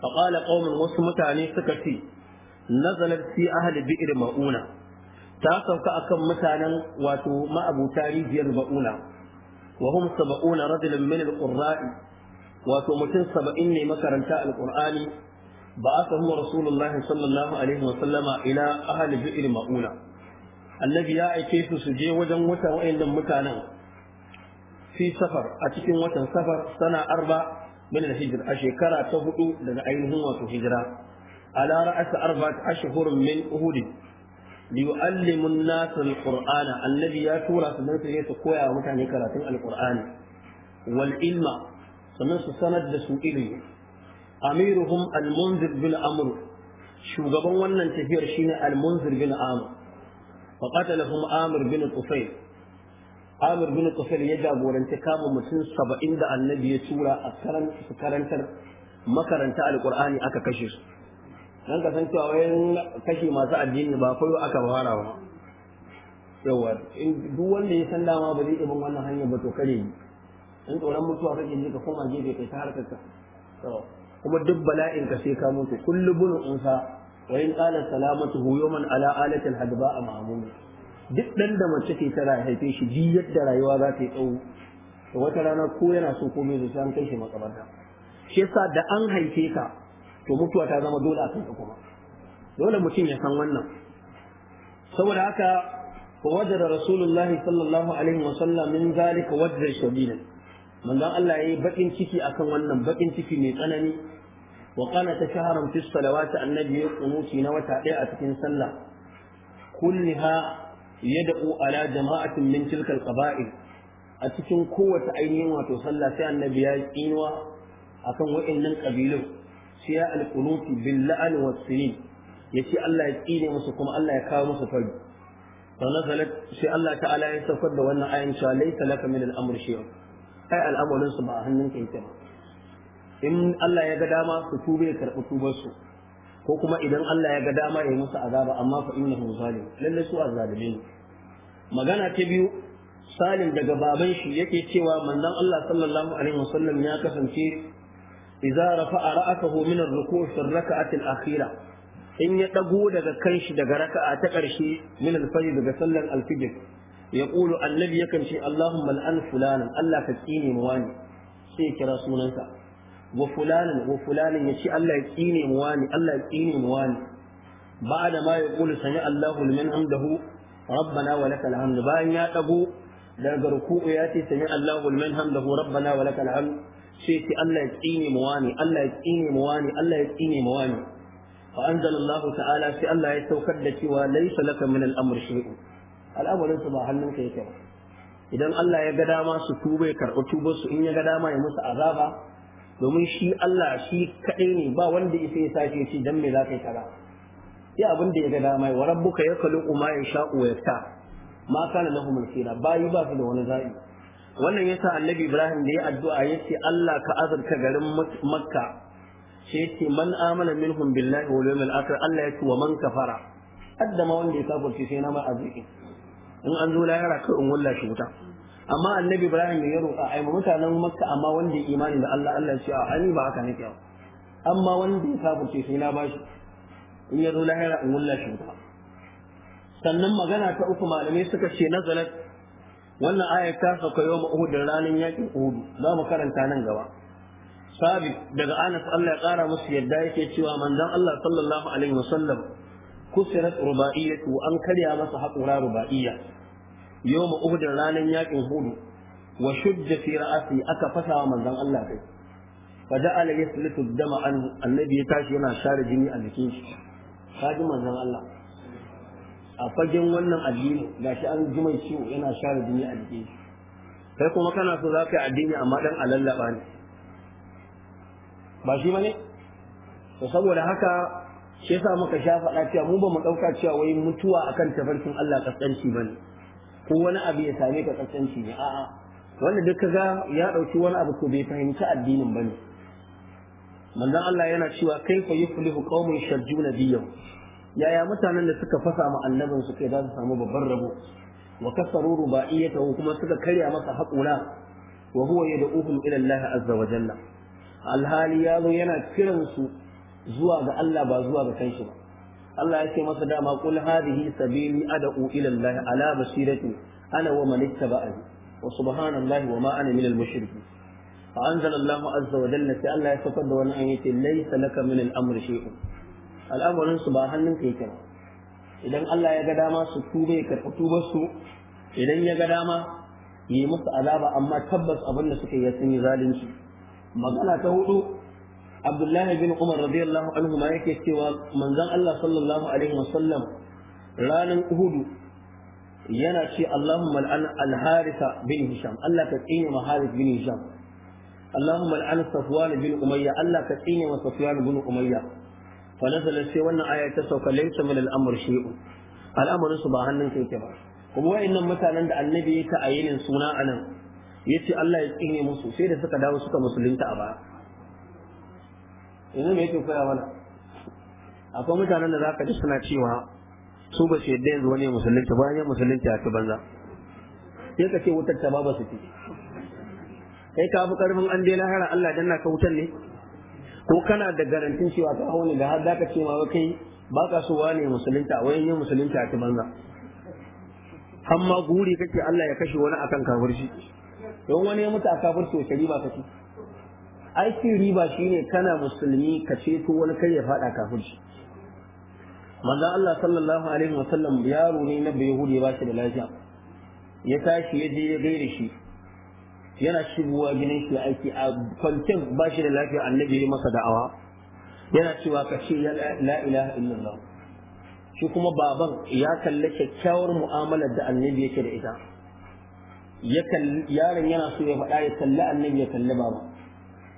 faqala qaumun wasu mutane suka ce nazalat fi ahli bi'r mauna ta sauka akan mutanen wato ma'abuta rijiyar mauna wa hum sab'una rajulan min al-qurra'i wato mutum saba'in ne makaranta al-qur'ani ba'athahum rasulullahi sallallahu alaihi wa sallama ila ahli bi'r mauna annabi ya aike su su je wajen wata wayannan mutanen fi safar a cikin watan safar sana arba min al a shekara ta hudu daga ainihin wato hijira ala ra'asa arba'at ashhur min uhud liyu'allimu an-nas al-qur'ana annabi ya tura su sai su koya wa mutane karatun al-qur'ani wal ilma sannan su sanar da su ilimi amiruhum al-munzir bil amr shugaban wannan tafiyar shine al-munzir bin amr فقتلهم آمر bin طفيل amir bin tufel ya jagoranci kama mutum saba'in da annabi ya tura a karantar makaranta alkur'ani aka kashe su Nan ka san cewa wayan kashe masu addini ba koyo aka fara ba In duk wanda ya san dama ba zai ibin wannan hanyar ba to kare ni in tsoron mutuwa kake ji ka koma gefe kai ta harkar ka kuma duk bala'in ka sai ka mutu kullu bunun unsa wa in qala salamatuhu yawman ala alatil hadba a ma'mum duk ɗan da mace ke tara haife shi ji yadda rayuwa za ta yi tsawo to wata rana ko yana so komai zai an kai shi makabarta shi yasa da an haife ka to mutuwa ta zama dole a kan ka kuma dole mutum ya san wannan saboda haka wajada rasulullahi sallallahu alaihi wa sallam min zalika wajda shadida manzon Allah yayi bakin ciki akan wannan bakin ciki mai tsanani wa qala ta shaharan fi salawati annabi ya na wata ɗaya a cikin sallah kulliha yad'u ala jama'atin min tilkal qaba'il a cikin kowace ainihin wato sallah sai annabi ya tsinuwa akan wa'annan kabilu sai ya alqunuti bil la'an was sinin yace Allah ya tsine musu kuma Allah ya kawo musu fari fa nazalat sai Allah ta'ala ya saukar da wannan ayan cewa laysa laka min al-amr shay'un ai su ba a hannun yake ba in Allah ya ga dama su tube ya karbi tubar su ko kuma idan Allah ya ga dama ya musu azaba amma fa innahu zalim lalle su azzalimi magana ta biyu salim daga baban shi yake cewa manzon Allah sallallahu alaihi wasallam ya kasance idza rafa'a ra'atahu min ar-ruku' fi ar-rak'ati al-akhira in ya dago daga kanshi daga raka'a ta karshe min al-fajr daga sallar al-fajr yaqulu annabi yakan ce Allahumma al-an fulanan Allah ka tsine mu wani sai kira sunansa wa fulanin wa fulanin ya ce Allah ya tsine mu wani Allah ya tsine mu wani ba'da ma ya kula sami Allahu hamdahu rabbana wa lakal bayan ya dago daga ruku'u ya ce sami Allahu liman hamdahu rabbana wa lakal hamd sai ce Allah ya tsine mu wani Allah ya tsine mu wani Allah ya tsine mu wani fa anzalallahu ta'ala sai Allah ya saukar da cewa laysa laka min al-amr shay'un al'amarin su ba hannunka yake idan Allah ya ga dama su tuba ya karɓi tubar su in ya ga dama ya musu azaba domin shi Allah shi kaɗai ne ba wanda ya sai ya ce dan me za ka yi kaza sai abin da ya ga dama wa rabbuka ya ma yasha'u ya yakta ma kana na al-khira bayi ba su da wani zabi wannan yasa annabi Ibrahim da ya addu'a ce Allah ka azurta garin Makka sai ce man amana minhum billahi wal yawmil akhir Allah yace wa man kafara addama wanda ya kafirce sai na ma azuki in an zo lahira kai in wulla shi wuta amma annabi ibrahim ya roƙa ai mutanen makka amma wanda ya imani da Allah Allah ya ce a ni ba haka nake ba amma wanda ya kafirce sai na shi. in ya zo lahira in wulla shi ba sannan magana ta uku malamai suka ce nazalat wannan ayar ta sauka yau Uhud da ranar yakin Uhud za mu karanta nan gaba sabi daga Anas Allah ya kara musu yadda yake cewa manzon Allah sallallahu alaihi wasallam kusirat ruba'iyyatu an karya masa haƙura ruba'iyya yau uhud ranan ranar yakin hudu wa shudda fi ra'asi aka fasa wa manzon Allah kai fa ja'ala yaslitu dama an annabi ya tashi yana share jini a jikin shi kaji manzon Allah a fagen wannan addini gashi an ji mai ciwo yana share jini a jikin shi kai kuma kana so za ka yi addini amma dan alallaba ne ba shi ba ne to saboda haka shi yasa muka sha faɗa cewa mu ba mu ɗauka cewa wai mutuwa akan tafarkin Allah kaskanci ba ne ko wani abu ya same ka kasance ne a'a wanda duk kaga ya dauki wani abu ko bai fahimci addinin bane manzon Allah yana cewa kaifa yuflihu qaumun shajjuna diyaw yaya mutanen da suka fasa ma annabin su kai za su samu babban rabo wa kasaru rubaiyatahu kuma suka karya masa haƙura wa huwa yad'uhum ila Allah azza wa jalla alhali yazo yana kiransu zuwa ga Allah ba zuwa ga kanshi ba Allah ya ce masa dama kul hadhihi sabili ad'u ila Allah ala basirati ana wa man ittaba'ani wa subhanallahi wa ma ana minal mushriki fa anzala Allahu azza wa jalla sai Allah ya saukar da wani ayati laysa laka min al-amri shay'un al'amarin su ba hannun kai yake ba idan Allah ya ga dama su tube ya karɓi su idan ya ga dama yi musu azaba amma tabbas abin da suka yi sun yi zalunci magana ta hudu Abdullahi bin Umar radiyallahu anhu ma yake cewa manzon Allah sallallahu alaihi wasallam ranar Uhudu yana ce Allahumma al'an al-Harisa bin Hisham Allah ka tsine ma Haris bin Hisham Allahumma al'an Safwan bin Umayya Allah ka tsine ma Safwan bin Umayya fa nazala sai wannan aya ta sauka laysa min al-amr ba hannun kai ba kuma wayannan mutanen da annabi ya ta ayinin suna anan ce Allah ya tsine musu sai da suka dawo suka musulunta a baya yanzu me yake koya mana akwai mutanen da zaka ji suna cewa su ba su yadda yanzu wani musulunci ba ya musulunci a ci banza sai ka ce wutar ta ba ba su ci kai ka fi karfin an dai lahara Allah danna ka wutar ne ko kana da garantin cewa ka hawo ne da har zaka ce ma kai ba ka so wane musulunta wayan yin musulunta a ci banza amma guri kake Allah ya kashe wani akan kafirci don wani ya mutu a kafirci wace ka kake aikin riba shine kana musulmi ka ceto wani kai ya fada kafirci manzo Allah sallallahu alaihi wasallam yaro ne na bayhudi ba shi da lafiya ya tashi ya je ya gaire shi yana shigowa ginin shi aiki a kwantin ba shi da lafiya annabi ya masa da'awa yana cewa ka ce la ilaha illallah shi kuma baban ya kalli kyakkyawar mu'amalar da annabi yake da ita yaron yana so ya faɗa ya kalli annabi ya kalli baban.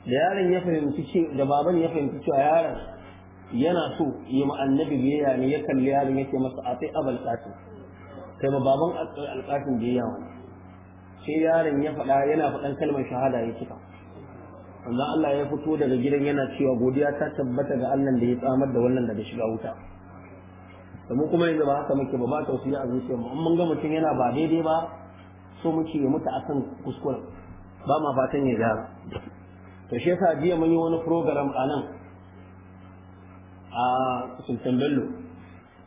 da yaron ya fahimci ce da baban ya fahimci cewa yaron yana so yi ma annabi biyayya ne ya kalli yaron yake masa a sai abal qasim kai ma baban biyayya wani sai yaron ya faɗa yana faɗan kalmar shahada ya cika amma Allah ya fito daga gidan yana cewa godiya ta tabbata ga Allah da ya tsamar da wannan daga shiga wuta da mu kuma yanzu ba haka muke ba ba tausayi a zuciyar mu mun ga mutum yana ba daidai ba so muke ya mutu akan kuskuren ba ma fatan ya gyara to shi yasa jiya mun yi wani program a nan a sultan bello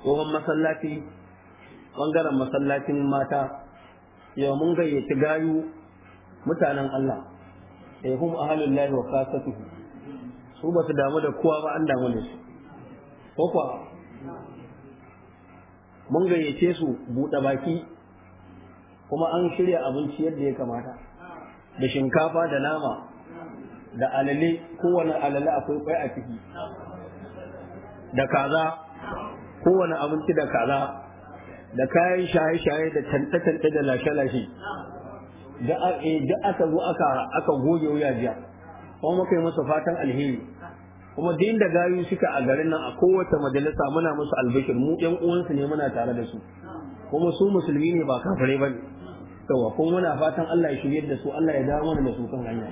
tsohon masallaci bangaren masallacin mata yau mun gayyaci gayu mutanen Allah eh hum ahlul lahi wa khasatuhu su ba su damu da kowa ba an damu da su ko kuwa mun gayyace su buɗe baki kuma an shirya abinci yadda ya kamata da shinkafa da nama da alale kowane alale akwai kwai a ciki da kaza kowane abinci da kaza da kayan shaye-shaye da tante da lashe-lashe da eh, aka zo aka goge wuya jiya kuma muka yi masa fatan alheri kuma din da gayu suka a garin nan a kowace majalisa muna musu albishir mu yan uwansu ne muna tare da su kuma su musulmi ne ba kafare ba ne yawa kuma muna fatan Allah ya shirye da su Allah ya dawo mana da su kan hanya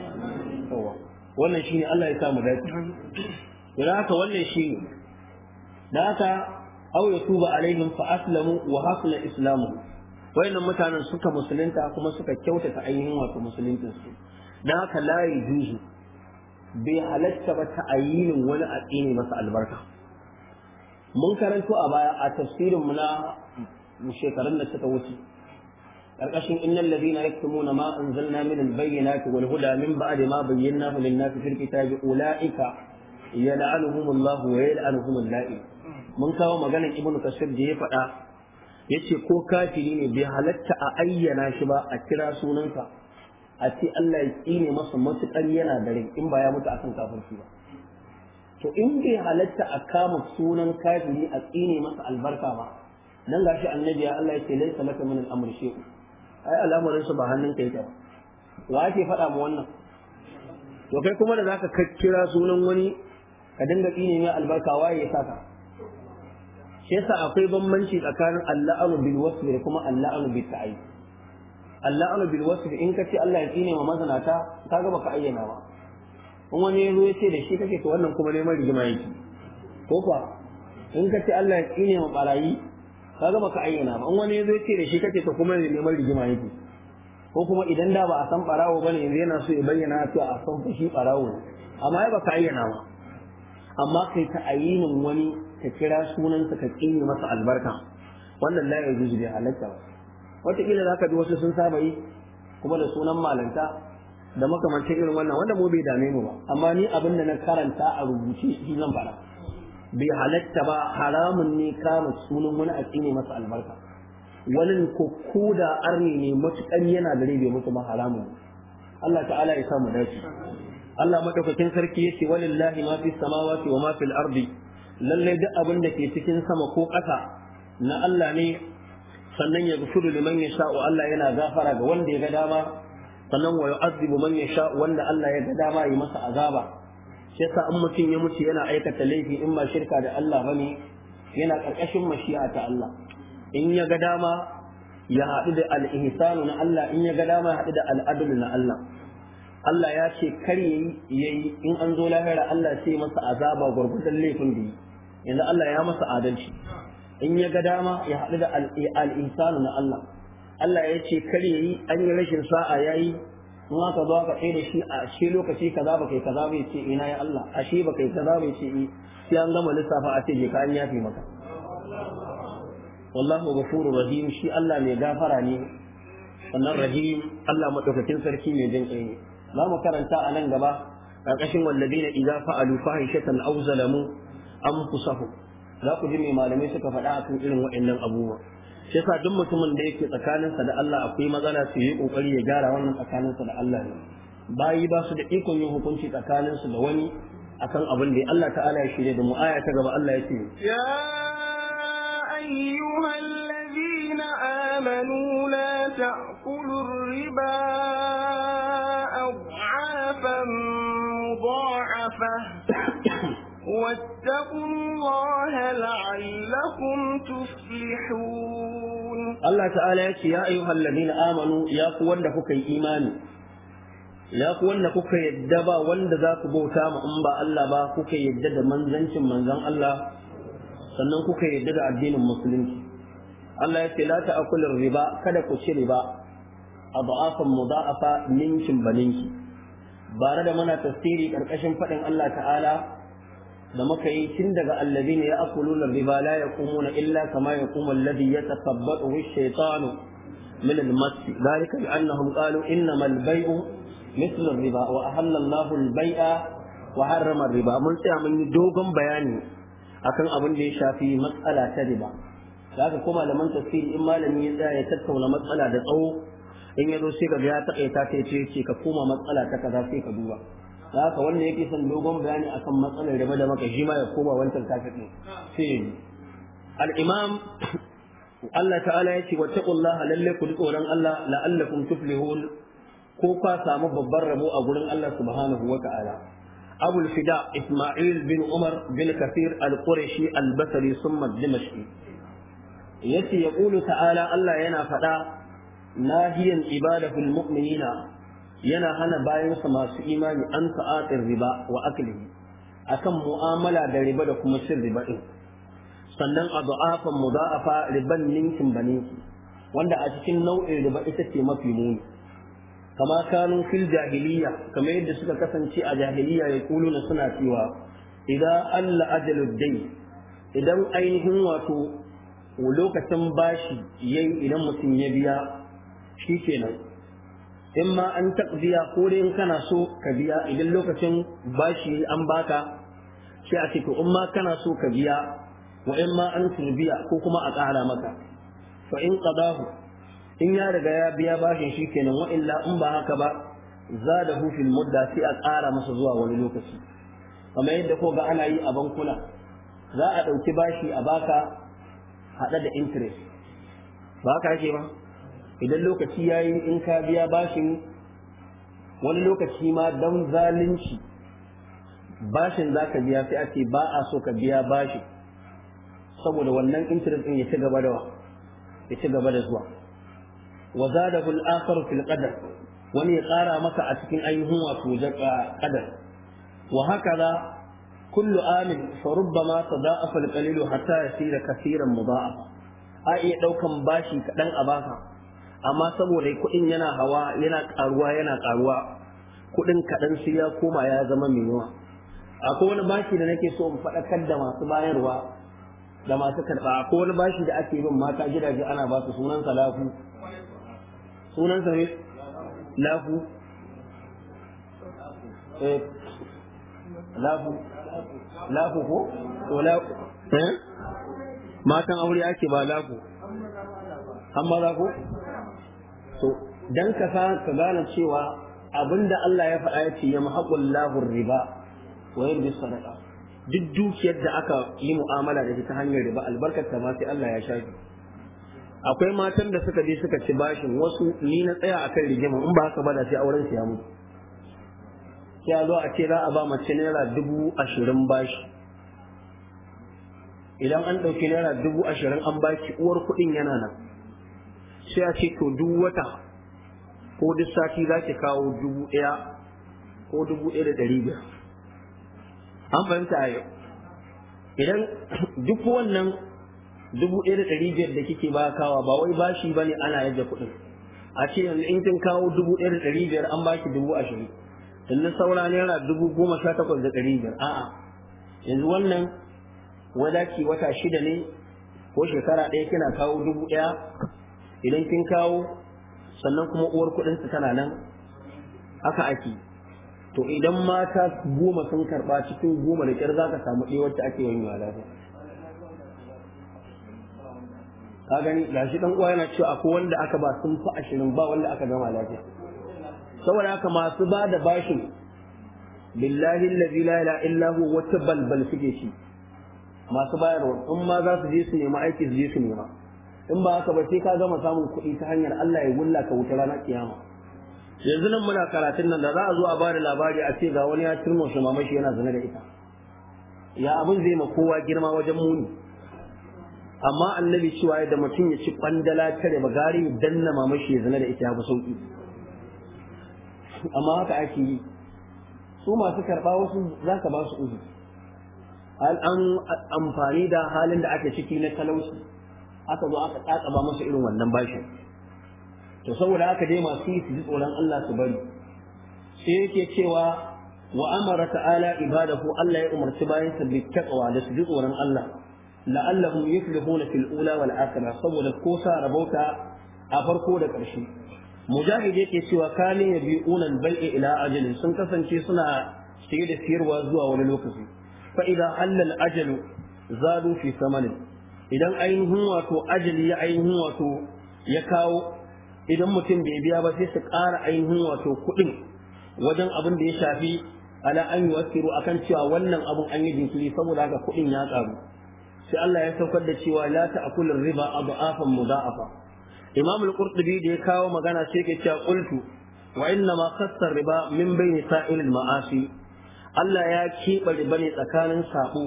wannan ne Allah ya sa mu dace don haka wannan ne. da haka ya tuba alaihim fa aslamu wa hasala islamu wayannan mutanen suka musulunta kuma suka kyautata ainihin wato musuluntin su dan haka la yujuzu bai halatta ba ta'ayinin wani addini masa albarka mun karanto a baya a tafsirin mu na shekarun da suka wuce ƙarƙashin innal ladina yaktumuna ma anzalna min al-bayyinati wal huda min ba'di ma bayyanahu lin-nasi fil kitabi ulaika yal'anuhumullahu wa yal'anuhumul la'in mun kawo maganar ibnu kasir da ya faɗa yace ko kafiri ne bai halatta a ayyana shi ba a kira sunansa a ce Allah ya tsine masa matuƙar yana da rai in ba ya mutu akan kafirci ba to in bai halatta a kama sunan kafiri a tsine masa albarka ba nan gashi annabi ya Allah ya ce laisa laka min al-amr shay'un ai al'amarin su ba hannun kai ba wa ake faɗa mu wannan to kai kuma da zaka kira sunan wani ka dinga tsine mai albarka waye ya saka shi yasa akwai bambanci tsakanin alla'anu bil wasf da kuma alla'anu bil ta'ayyid alla'anu bil wasf in ka ce Allah ya tsine ma mazanata ka ga baka ayyana ba in wani yazo ya ce da shi kake to wannan kuma neman rigima yake ko fa in ka ce Allah ya tsine ma barayi ka gama ka ayyana ba in wani zai ce da shi kake ta kuma ne neman rigima yake ko kuma idan da ba a san barawo bane yanzu yana so ya bayyana to a san shi barawo amma ya baka ayyana ba amma kai ta ayyinin wani ka kira sunansa ka kinyi masa albarka wannan la yajuzu bi halatta ba wataƙila za ka bi wasu sun saba yi kuma da sunan malanta da makamancin irin wannan wanda mu bai dame mu ba amma ni abin da na karanta a rubuce shi zan fara bai halatta ba haramun ne kama sunan wani a tsine masa albarka wani ko da arni ne matukan yana da rai bai mutu ma haramun Allah ta'ala ya samu dace Allah madaukakin sarki yake walillahi ma fi samawati wa ma fil ardi lalle duk abin da ke cikin sama ko ƙasa na Allah ne sannan ya gusuru liman ya sha'u Allah yana gafara ga wanda ya ga dama sannan wa yu'azzibu man ya sha'u wanda Allah ya ga dama yi masa azaba shi yasa in mutum ya mutu yana aikata laifi in ba shirka da Allah bane yana karkashin mashi'a ta Allah in ya ga dama ya haɗu da al na Allah in ya ga dama ya haɗu da al na Allah Allah ya ce kar ya yi in an zo lahira Allah sai masa azaba gurgurdan laifin da yi, yanzu Allah ya masa adalci in ya ga dama ya haɗu da al na Allah Allah ya ce kar ya yi an yi rashin sa'a ya yi. in aka zo aka tsaye da shi a shi lokaci kaza ba kai kaza bai ce ina ya Allah a shi ba kai kaza bai ce i eh, sai an gama lissafa a ce je ka an yafe maka wallahu ghafurur rahim shi Allah mai gafara ne sannan rahim Allah madaukakin sarki mai jin kai za mu karanta a nan gaba ƙarƙashin walladina idza fa'alu fahishatan aw zalamu anfusahum za ku ji mai malamai suka faɗa akan irin waɗannan abubuwa shi yasa duk mutumin da yake tsakaninsa da Allah akwai magana su yi kokari ya gyara wannan tsakaninsa da Allah ne bayi ba su da ikon yin hukunci tsakaninsu da wani akan abin da Allah ta'ala ya shirya da mu aya ta gaba Allah ya ce ya ayyuhal na amanu la ta'kulu riba adhafan mudha'afa واتقوا الله لعلكم تفلحون Allah ta'ala ya ce ya ayyuhal na amanu ya ku wanda kuka yi imani ya ku wanda kuka yadda ba wanda za ku bauta ma in ba Allah ba kuka yadda da manzancin manzan Allah sannan kuka yadda da addinin musulunci Allah ya ce la ta'kulur riba kada ku ci riba mu mudafa ninkin baninki bare da muna tasiri karkashin faɗin Allah ta'ala da muka yi tun daga allazina na riba la na illa kama yaqumu alladhi yatakabbaru ash-shaytanu min al-mas dhalika bi annahum qalu innama al-bay'u mithlu riba wa ahalla Allahu al-bay'a wa harrama riba mun tsaya mun yi dogon bayani akan abin da ya shafi matsala ta riba zaka kuma man tafsiri in malami ya tsaya ya tattauna matsala da tsawo in ya zo sai ka ga ya taƙaita ta ce ka koma matsala ta kaza sai ka duba da haka wanda yake son dogon bayani akan matsalar riba da maka shi ma ya koma wancan kafin sai al Allah ta'ala ya ce wattaqullaha lalle ku tsoron Allah la'allakum tuflihun ko ka samu babban rabo a gurin Allah subhanahu wa ta'ala Abu fida Isma'il bin Umar bin Kathir al-Qurashi al-Basri summa Dimashqi yace yaqulu ta'ala Allah yana faɗa, nahiyan ibadahu muminina yana hana bayansa masu imani an sa'atir riba wa aklihi akan mu'amala da riba da kuma cin riba din sannan a du'afan mudha'afa riban ninkin bane wanda a cikin nau'in riba ita ce mafi muni kama kanu fil jahiliya kamar yadda suka kasance a jahiliya ya kuluna suna cewa idan Allah ajalud dai idan ainihin wato lokacin bashi yayi idan mutum ya biya shikenan in ma an biya ko dai in kana so ka biya idan lokacin bashi an baka sai a cikin in ma kana so ka biya wa in ma an biya ko kuma a ƙara maka fa in qadahu in ya riga ya biya bashin kenan wa illa in ba haka ba za hufin mudda sai a ƙara masa zuwa wani lokaci kamar yadda ko ga ana yi a bankuna za a ɗauki bashi a baka haɗe da interest ba haka yake ba idan lokaci ya yi in ka biya bashin wani lokaci ma don zalunci bashin za ka biya sai a ce ba a so ka biya bashi, saboda wannan interest ɗin ya ci gaba da ya ci gaba da zuwa wa zadahu al-akhar fil qadar wani ya ƙara maka a cikin ainihin wato qadar wa hakaza kullu amin fa rubbama tada'afa al-qalilu hatta yasira kaseeran mudha'af a iya daukan bashi kadan a baka amma saboda kuɗin yana hawa yana karuwa yana karuwa kuɗin kaɗan sai ya koma ya zama mai yawa akwai wani bashi da nake so in faɗakar da masu bayarwa da masu karɓa akwai wani bashi da ake bin mata gidaje ana ba su sunansa lafu sunansa ne lafu eh, lafu lafu ko to lafu eh matan aure ake ba lafu Amma lafu so dan ka ka gane cewa abinda Allah ya faɗa ya ce ya mahaqullahu riba wa yurbi sadaqa duk dukiyar da aka yi mu'amala da ta hanyar riba albarkar ta ma sai Allah ya shafi akwai matan da suka je suka ci bashin wasu ni na tsaya akan rigima in ba haka ba da sai auren su ya mutu sai a zo a ce za a ba mace naira dubu ashirin bashi idan an ɗauki naira dubu ashirin an baki uwar kuɗin yana nan sai a ce to duk wata ko duk sati za ki kawo dubu ɗaya ko dubu ɗaya da ɗari biyar an fahimta a yau idan duk wannan dubu ɗaya da ɗari biyar da kike ba kawa ba wai bashi ba ne ana yadda kuɗin a ce yanzu in kin kawo dubu ɗaya da ɗari biyar an baki dubu ashirin sannan saura naira dubu goma sha takwas da ɗari biyar a'a yanzu wannan wadaki wata shida ne ko shekara ɗaya kina kawo dubu ɗaya idan kin kawo sannan kuma uwar kudin su tana nan haka ake to idan mata goma sun karɓa cikin goma da kyar za ka samu ɗaya wacce ake wani malaka ka gani da shi dan uwa yana cewa akwai wanda aka ba sun fi ashirin ba wanda aka gama lafiya saboda haka masu ba da bashin billahi allazi la ilaha illa wata balbal suke shi masu bayarwa in ma za su je su nema aiki su je su nema in ba haka ba sai ka gama samun kuɗi ta hanyar Allah ya gulla ka wuta ranar kiyama yanzu nan muna karatun nan da za a zo a ba da labari a ce ga wani ya turmo shi mamashi yana zina da ita ya abin zai ma kowa girma wajen muni amma annabi cewa yadda mutum ya ci kwandala tare ba gari danna mamashi ya zina da ita ya fi sauki amma haka ake yi su masu karɓa wasu za ka ba su uzu an amfani da halin da ake ciki na talauci aka zo aka kakaba masa irin wannan bashin to saboda haka dai masu yi su ji tsoron Allah su bari sai yake cewa wa amara ta'ala ibadahu Allah ya umarci bayan sa bi taqwa da su ji tsoron Allah la'allahum yuflihuna fil ula wal akhirah saboda ko sa rabota a farko da ƙarshe mujahid yake cewa kane yabi'unan bai'i ila ajalin sun kasance suna saye da siyarwa zuwa wani lokaci fa idan halal ajalu zadu fi samanin idan ainihin wato ajali ya ainihin wato ya kawo idan mutum bai biya ba sai su ƙara ainihin wato kuɗin wajen abin da ya shafi ala an yi wasiru akan cewa wannan abin an yi jinkiri saboda haka kuɗin ya ƙaru sai Allah ya saukar da cewa la ta'kul riba adafan mudaafa Imam al-Qurtubi da ya kawo magana sai ke cewa qultu wa inna ma khassa riba min bayni sa'il al-ma'asi Allah ya keɓe riba ne tsakanin sabo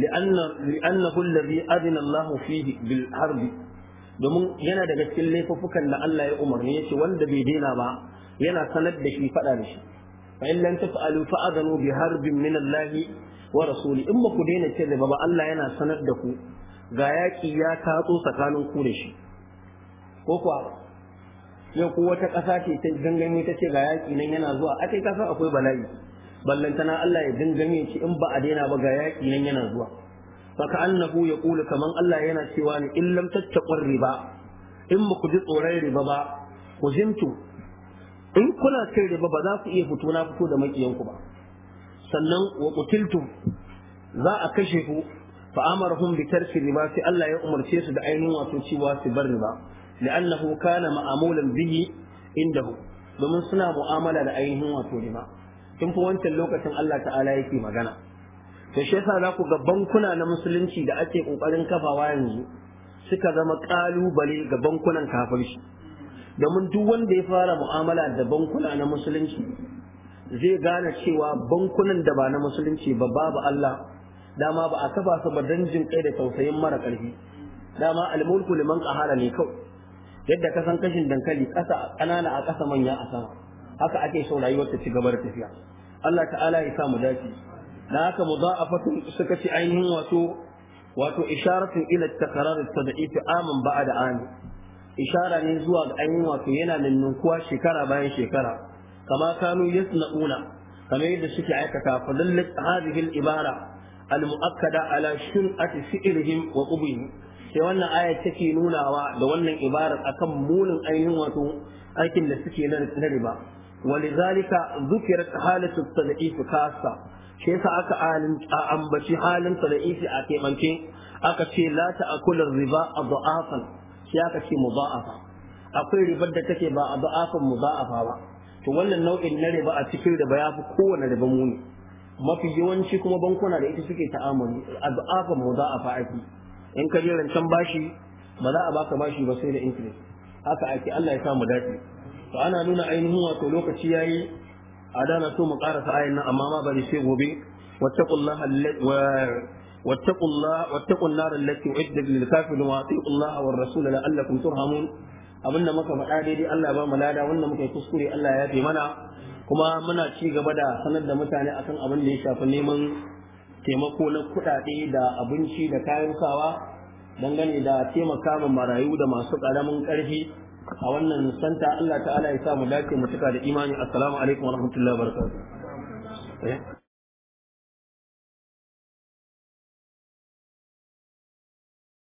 li'annahu allazi adina Allahu fihi bil harbi domin yana daga cikin laifukan da Allah ya umarni yace wanda bai daina ba yana sanar da shi faɗa da shi fa in lam taf'alu fa'adanu bi harbin min Allah wa rasuli in ba ku daina ce da ba Allah yana sanar da ku ga yaki ya tatso tsakanin ku da shi ko kuwa yau ko wata ƙasa ce ta gangami ta ce ga yaki nan yana zuwa a kai kasa akwai bala'i ballantana Allah ya dingame shi in ba a daina ba ga yaƙi nan yana zuwa faka annahu ya kula kaman Allah yana cewa ni in lam tattaqur riba in ba ku ji tsoron riba ba ku jimtu in kuna cin riba ba za ku iya fito na fito da makiyanku ba sannan wa qutiltum za a kashe ku fa amarahum bi tarki riba sai Allah ya umarce su da ainihin wato cewa su bar riba li'annahu kana ma'amulan bihi indahu domin suna mu'amala da ainihin wato riba tun fi wancan lokacin Allah ta'ala yake magana to shi yasa za ku ga bankuna na musulunci da ake ƙoƙarin kafawa yanzu suka zama ƙalubale ga bankunan kafirci domin duk wanda ya fara mu'amala da bankuna na musulunci zai gane cewa bankunan da ba na musulunci ba babu Allah dama ba a kafa su ba dan jin kai da tausayin mara karfi dama almulku liman qahara ne kawai yadda ka san kashin dankali ƙasa ƙanana a ƙasa manya a sama haka ake so rayuwar ta ci gaba da tafiya Allah ta'ala ya sa mu dace Da haka mudha'afatun suka ci ainihin wato wato isharatu ila takrar at-tad'if aman ba'da an ishara ne zuwa ga ainihin wato yana nunkuwa shekara bayan shekara kama kanu yasna'una kamar yadda suke aikata fadallat hadhihi al-ibara al-mu'akkada ala shun'ati fi'lihim wa qubihim sai wannan aya take nunawa da wannan ibarar akan munin ainihin wato aikin da suke na riba ولذلك ذكرت a التضعيف خاصة كيف أكا أنبشي حالة تضعيف أكي a أكا لا تأكل الربا أضعافا سياكا مضاعفة akwai ribar da take ba a ba'afin mu za'afa ba to wannan nau'in na riba a cikin riba ya fi kowane riba muni mafi yawanci kuma bankuna da ita suke ta'amuli a ba'afin mu za'afa ake in ka je rancen bashi ba za a baka bashi ba sai da interest haka ake Allah ya sa mu dace to ana nuna ainihin wato lokaci yayi a da na so mu karasa ayin nan amma ma bari sai gobe wattaqullaha واتقوا الله واتقوا النار التي اعدت للكافرين واطيعوا الله والرسول لعلكم ترحمون abinda muka faɗa daidai Allah ba mu lada wanda muka yi kuskure Allah ya fi mana kuma muna ci gaba da sanar da mutane akan abin da ya shafi neman taimako na kuɗaɗe da abinci da kayan sawa dangane da taimaka ma marayu da masu ƙaramin ƙarfi a wannan nisanta Allah ta'ala ya sa mu dace mu cika da imani assalamu alaikum wa rahmatullahi wa barakatuh eh?